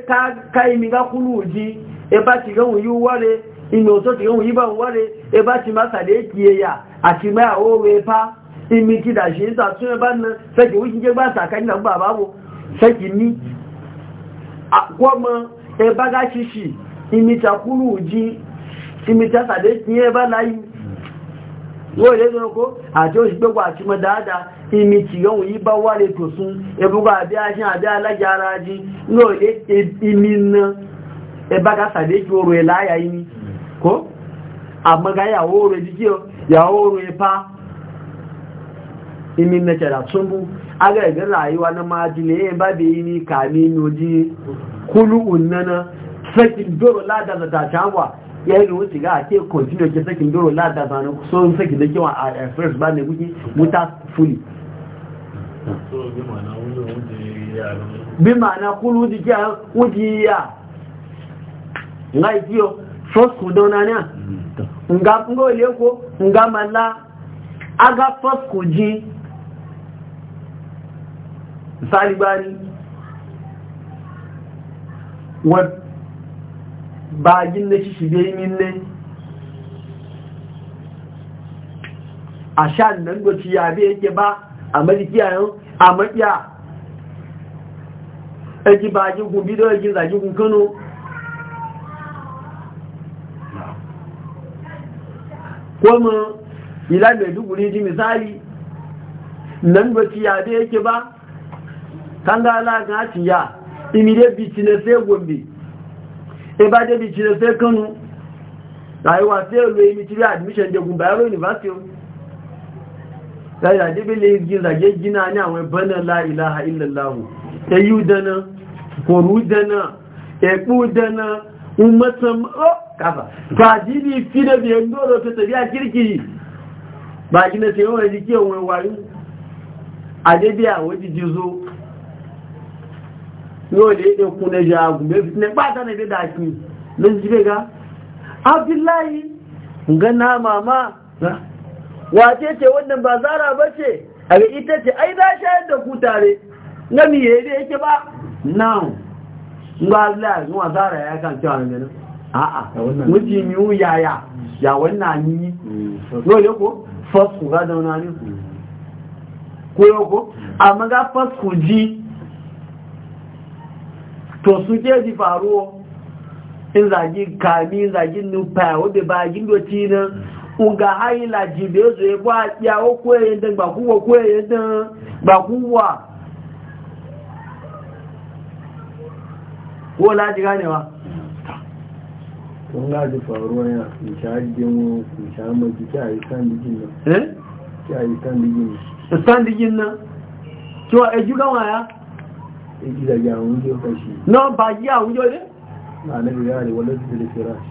ka imi ga kúrú jí ẹbá ti gẹ́hùn yíó ware imi oto ti ba yíbọn wọ́re ẹbá ti má sàdé kí ati ma e o àwọ́wẹ́ pa imi ti dà ṣe ń sàtún ẹbá na fẹ́kì wíṣí jẹ́ gbá sàkà nínú ni àbáwò fẹ́kì ní àkọ́mọ ẹbá gá imi ta kúrú imi ta e na imi ci yawon yi ba wale to sun ebuga abi ajin abi alagyara ajin ní òye e, imi na ẹbága e sàdé ju oòrùn ẹ̀láyà e imi kó àmọ́gá yàwó oòrùn ẹ̀díjí yàwó oòrùn ẹ̀pá imi na ṣẹ̀dá túnbú agẹ́gẹ́ rayuwa na máa jìnlẹ̀ ẹ̀ bá bẹ̀ imi kà ní inú ojí kúlù ùnana sẹ́kìn dóró ake sakin lada sakin da a first ba ne wuce bí màánà kúrú jíjá ó jí yá ngáì ọ ó fọ́skù náà nga ngó nga màlá aga fọ́skù jí sáàlìgbáni wọ́n báyí ní ṣíṣìdé nílé àṣà nà ń gbòtí a malikiyayen a makiya aji bakin kun bido aji zaki kun kano kuma ila mai duguri ji misali nan ba ciya da yake ba kan ga alaƙa ciya imire bici na sai gombe e ba da bici na sai kano rayuwa sai yalo yi mitiri admission da gumbayar university dáadáa débé lè gíràgé gíná ní àwọn ẹbọ́nà láìláha ìlàláwò ẹyú dẹ́nà kòrú dẹ́nà ẹ̀kú dẹ́nà umarsan oh kafa ba ji ni fi da biyan doro ta tafiya kirki ba gina ce yawan jiki yawan wayo a daidaiya waje jizo yau da ya ɗauku na jagu mai fitina ba ta na da daki don jibe ga abdullahi ngana mama wace ce wannan ba zara ba ce a ga ita ce ai za shayar da ku tare na miye ne yake ba nan ba Allah zuwa zara ya kan cewa ne nan a'a mutum yiwu yaya ya wannan ni dole mm, ko fasku ga da wani mm. ko yoko amma ga ku ji to suke ji faruwa in zagi kami zagin nufa wadda ba gindo ci nan nga haila jibe zo eh? e ba ya o kweye dan ba kuwa kweye dan ba kuwa ko la ji wa? kun ga ji faruwa ya in sha jin mu ji ka yi kan digin nan eh ka yi kan digin nan kan digin nan to e ju ga wa ya e ji da ya un jo kashi no ba ji ya un jo ne ma ne ya ne wala ji da firash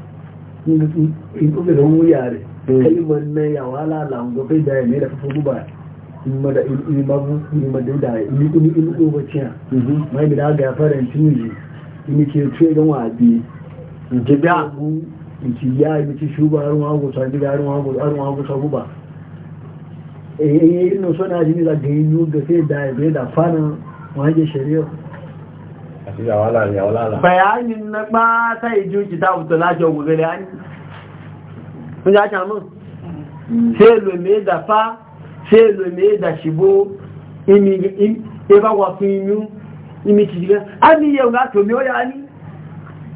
in ɗuga don wuya kalmar na ya wala lango kai da ya mai da fafo guba in da in ma bu in ma da da in in in ko baciya mai da ga faran tinji in ke tuye don wabi in ke da in ya in ci shuba har ma go sai da har ma go har go sa guba eh eh no sona jini da gayu da sai da ya da fana wa je shari'a bayanin na ba ta yi juki ta wuta lafiya gugule an kun ja kyamun sai lome da fa sai lome da shibo imi imi imi imi imi imi imi imi imi imi imi imi imi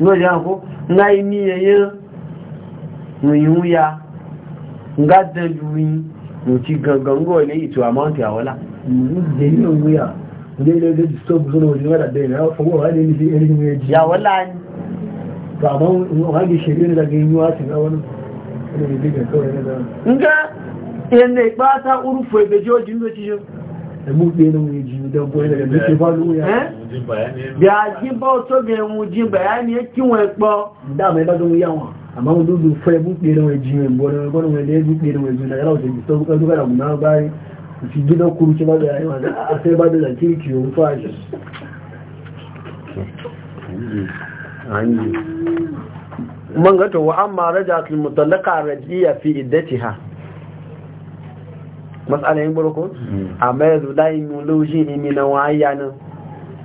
no ya ko na imi yeyan mu yun ya nga de luyin mo ti gangan go le itu amount ya wala mu de yun ya de le de stop zuno ni wala de na fa go wala ni si eri mu ya wala ni ba ban mu ga shiri da ga yin wasu na wani nga ene ipata urufu ebe jojin lo ti mu ji Eh? Bíajíbọ́ tó bẹ̀rẹ̀ mú jí bẹ̀rẹ̀ ní kí wọ́n pọ̀. Dáàmù ẹgbẹ́ tó ń yá wọn. Àmá wọn dúdú fẹ́ bú pé rẹ̀ jí rẹ̀ bọ́ rẹ̀ gbọ́nà rẹ̀ lẹ́gbù pé rẹ̀ jù náà láwọ̀tẹ̀ jù sọ́gbọ́n tó fẹ́ràn náà báyìí. Ìfi gídọ́ kúrú tí mutallaka rajiyya fi ha. matsala yin burko mm-hmm. amma yanzu layin nulo shi imi na waya nan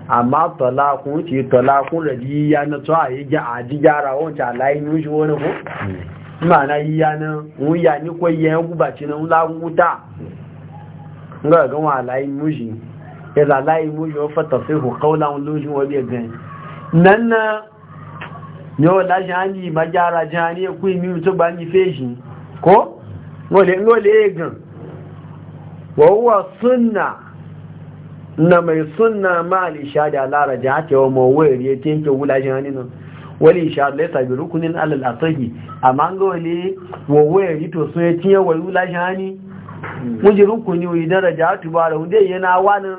amma talakun ce talakun ya na tsawa yi ga aji gyara wance a layin nushi wani ko mm-hmm. na yi ya nan wuya ni ko yi ba gubaci na wula wuta ga ga wa layin nushi ya za layin nushi wa fata sai ku kaula nushi wani gani nan na yau lashin hanyi magyara jihani ya kuyi mi mutu ba ni feshi ko? Wole, wole gan. wa huwa sunna na mai sunna ma al-ishada la rajata wa mawari yake yake wulajin hanin wali ishada laysa bi rukunin alal asahi amma ga wali wa wari to sun yake ya wali wulajin hani muji rukuni wa idan rajatu ba da hunde yana wani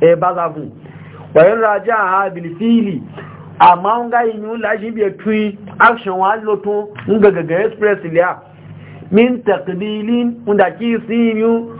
e bazafu wa yan ha bil fili amma ga yin shi bi tui action wa loto ngaga ga express liya min taqbilin unda ki sinu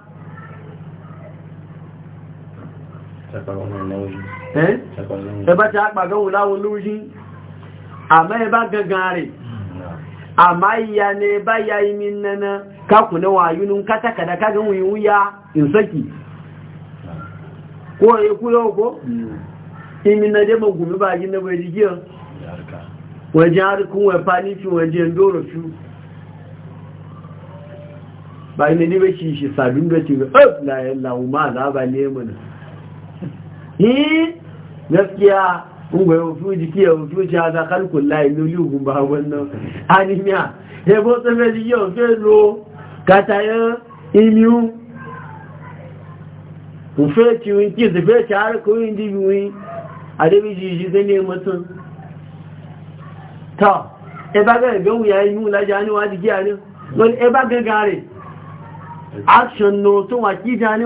ẹbá ti àpàgánwò láwọn olóyìn àmá ẹbá gangan rẹ̀ àmá ìyà ní ẹbá ya imi nana kákùnlẹ̀ wà yínú kátàkàdà kágánwò ìwú ya ìsẹ́kì kó ẹkú lọ́kọ́ imi na dé mọ̀gùnmí bá yí na wẹ̀dí gíọ́ wọ́n jẹ́ àríkún ní fi wọ́n jẹ́ ndóòrò gaskiya ungo yau fuji ki yau fuji a za kalkun layi loli ogun ba wannan animiya ya bo tsaye ji yau fe lo katayen imiyu ufe ti ki zube ti har ko yin di a adebi ji zai ne mutum ta e ba ga ga wuya yi mu laja ni wa di ki ani wani e ba gare action no to wa ki jani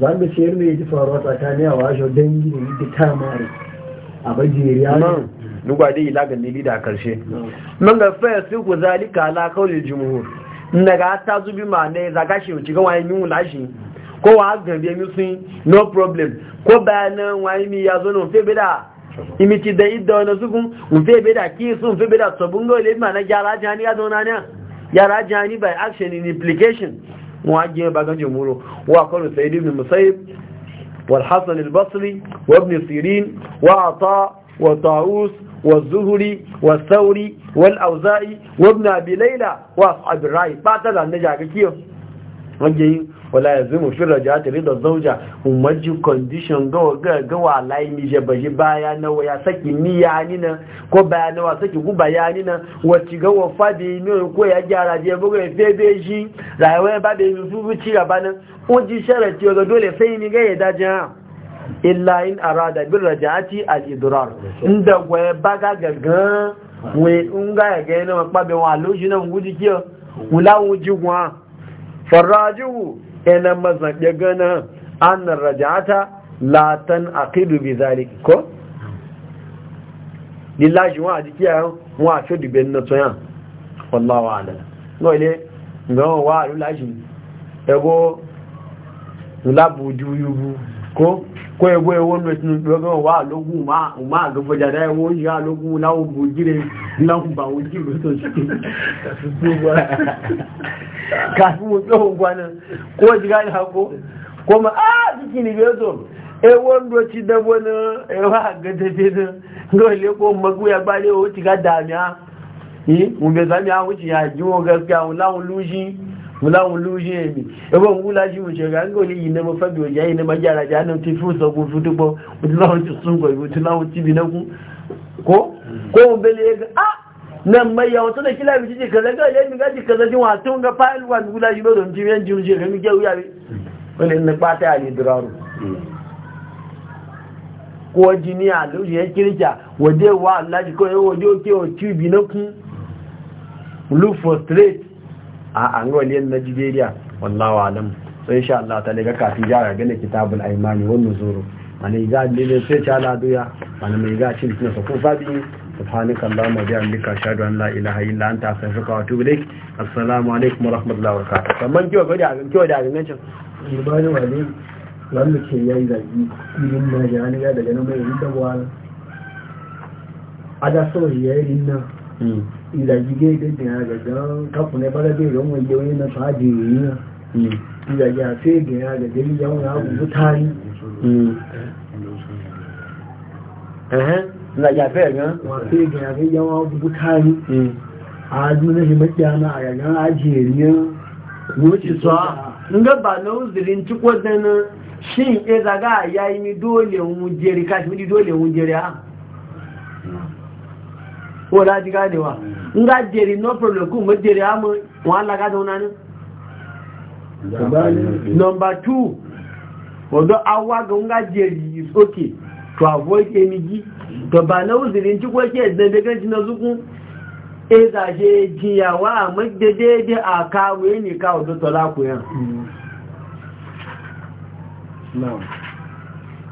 za mu ce yadda ya ji faruwa tsakanin a washe ne gini ta kamari a bajeriya nan nugwa dai ilagan lili da karshe nan ga fayar sun ku zalika ala kawai jimuhur daga ta zubi ma ne zaga shi wuce ga wani yin wulashi ko wa gambe mi sun no problem ko bayanan wani mi ya zo na fe bida imiti da idda wani sukun un fe bida ki sun fe bida sabungo ile ma na gyara jihani ya zo na ne gyara jihani by action in implication واجي باغان جمهور وقالوا سيد ابن المسيب والحسن البصري وابن سيرين وعطاء وطاووس والزهري والثوري والأوزائي وابن أبي ليلى وأصحاب الرأي بعد ذلك نجاك كيف wala yanzu mu fi raja ta da zauja umarji condition gawa ga gawa layi mi je baya na waya saki ni ya ko baya na saki guba yanina ni na wacce gawa fadi ni ko ya gyara je bugu ya febe shi rayuwa ba da yanzu su ci gaba nan ko ji sharati ga dole sai ni ga ya dajin illa in arada bin raja'ati al-idrar inda gwaye baga gangan we in ga ga yana mapabe wa loji na nguji kiyo wula wuji gwa farajuhu ina mazaɓe gana annar rajata latan aqidu bi zalik ko lillahi wa mu a fi dubin na yan wallahu ala no ile ngawo wa lulashi ego labu juyubu ko ko ya goya wani mai ma ma ga fajar da yawon ya logu na ubu gire na ba wuji ba ko a e wando da wani e wa ga da ko yi láwọn olóyè èmì ẹgbẹ́ òun láti ìwòsàn rẹ̀ ńgò ní ìyìnlẹ́mọ fẹ́bí ọjà ìyìnlẹ́mọ yára jà náà ti fún ìsọ̀kún fún dúpọ̀ òtí láwọn ti súnkọ̀ ìwò tí láwọn ti bìnẹ́kún kó kó ń bẹ̀lẹ̀ ẹgbẹ́ á na mai yawon tana kila bi jiji kaza ga yami gaji kaza jin wasu tun ga fayil wa nula shi lodon jimiyan jin je kami gyau ya bi wani na kwata ya ne duraru ko jini a lori ya kirkya waje wa Allah shi kawai waje oke wa cibi na kun lu frustrate a an wali na Nigeria wallahi alam sai sha Allah ta daga kafi jara ga kitabul aymani wa nuzuru mani ga dole sai ta la duya mana mai ga cin tuna ko fadi subhanaka allahumma wa bihamdika ashhadu an la ilaha illa anta astaghfiruka wa atubu ilaik assalamu alaikum wa rahmatullahi wa barakatuh kaman kiwa kiwa da ibadu wanda ke yayi irin daga nan mai ada so yayi nan ìdàjígé ìdẹ́dẹ̀ àgẹ̀gán kápùnẹ́ bálẹ́bẹ̀ rẹ̀ wọ́n yẹ oyin náà fàájì rèé náà hmm. ìdàjí àti èdè àgẹ̀gẹ̀ yíya wọn àwùjọ táyé hmm. ìdàjí àti èdè àgẹ̀gẹ̀ yíya wọn àwùjọ táyé hmm. àádúnlẹ́sẹ̀ mẹ́ta náà àgẹ̀gán àjì èrè wọ́n ti sọ ngaba na uzirin cikwa dana shin e zaga yayi ni dole wun jeri kashi dole wun jeri a ko da ji ganewa in ga jeri no problem ku ma jeri amu wa Allah ga zauna ne number 2 odo awa ga nga jeri is okay to avoid emigi to ba na uzirin ci ko ke da daga ji na zuku e za je jiyawa mu da daidai a kawo e ne ka odo tola ku yan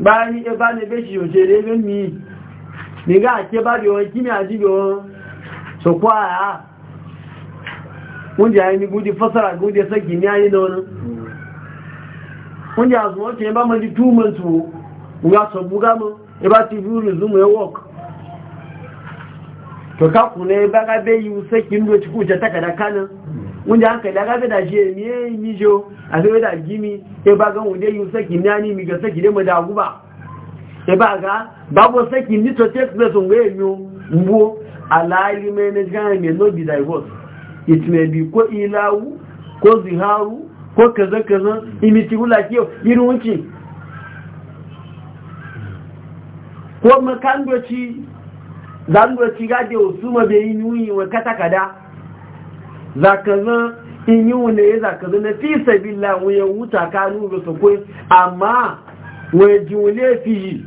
báyìí ẹbá ní bẹ́ṣì òṣèré lónìí nígbà àti bá rí ohun kíni àti rí ohun sọ̀kọ́ àá oúnjẹ àyẹni gúdí fọ́sára gúdí sẹ́kì ní ayé náà oúnjẹ àsùnwọ́n tí ẹ ba mọ́ di 2 months wo nga sọ búgá mọ́ ẹ bá ti rú rú work to na ẹ bá gábé yíu sẹ́kì ń lọ́tí kúrò tẹ́kàdá kánà oúnjẹ àkàdá gábé dà ṣe èmi èyí níjọ àti wẹ́dà gími ẹ bá E ba ga babu saki ni to take place ngwe nyu mbu alali mene gani no be divorce it may be ko ilawu ko ziharu ko kaza kaza imiti gula kiyo irin wuce ko makandoci zandoci gade wasu mabe yi nuyi wa katakada zakazan in yi wune ya zakazan na fi sabila wuyan wuta kanu da sakwai amma wajen lefi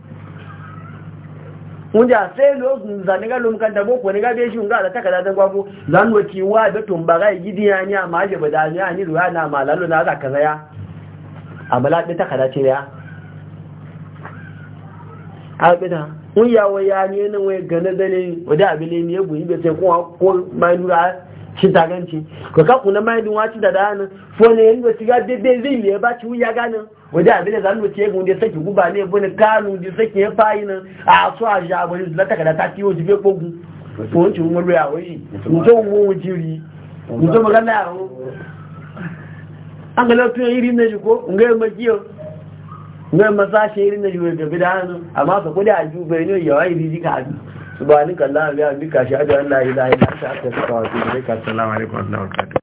wanda sai lokacin zane ga lumkan da boko ne ga be shi ga da takada da gwabo zan wuce wa da tumbara gidiya ni amma je ba da ni ani ruwa na malalo na za kaza ya abala da takada ce ya abida un ya wa ya ni nan wai gane da ne wada abile ne ya buyi be sai ko ko mai nura shi taganci ko ka kuna mai dun waci da da nan fo ne yin da tiga de de zai le ba ci ya ganin wajen abin da za mu ce saki guba ne bane kanu ji saki ya fayi nan a so a ja wani zata kada ta ciwo jibe kogu to wancin mun loya wani mutum mun wujiri mutum magana ya yaro. an ga lafiya iri na ji ko nga yi makiyo nga yi masashe iri na ji wani gabi da hannu amma su kudi a juba yi ne yawa iri ji ka abi allah ya bi ka adu an la ilaha illa anta astaghfiruka wa atubu ilaik assalamu alaikum wa rahmatullahi ta barakatuh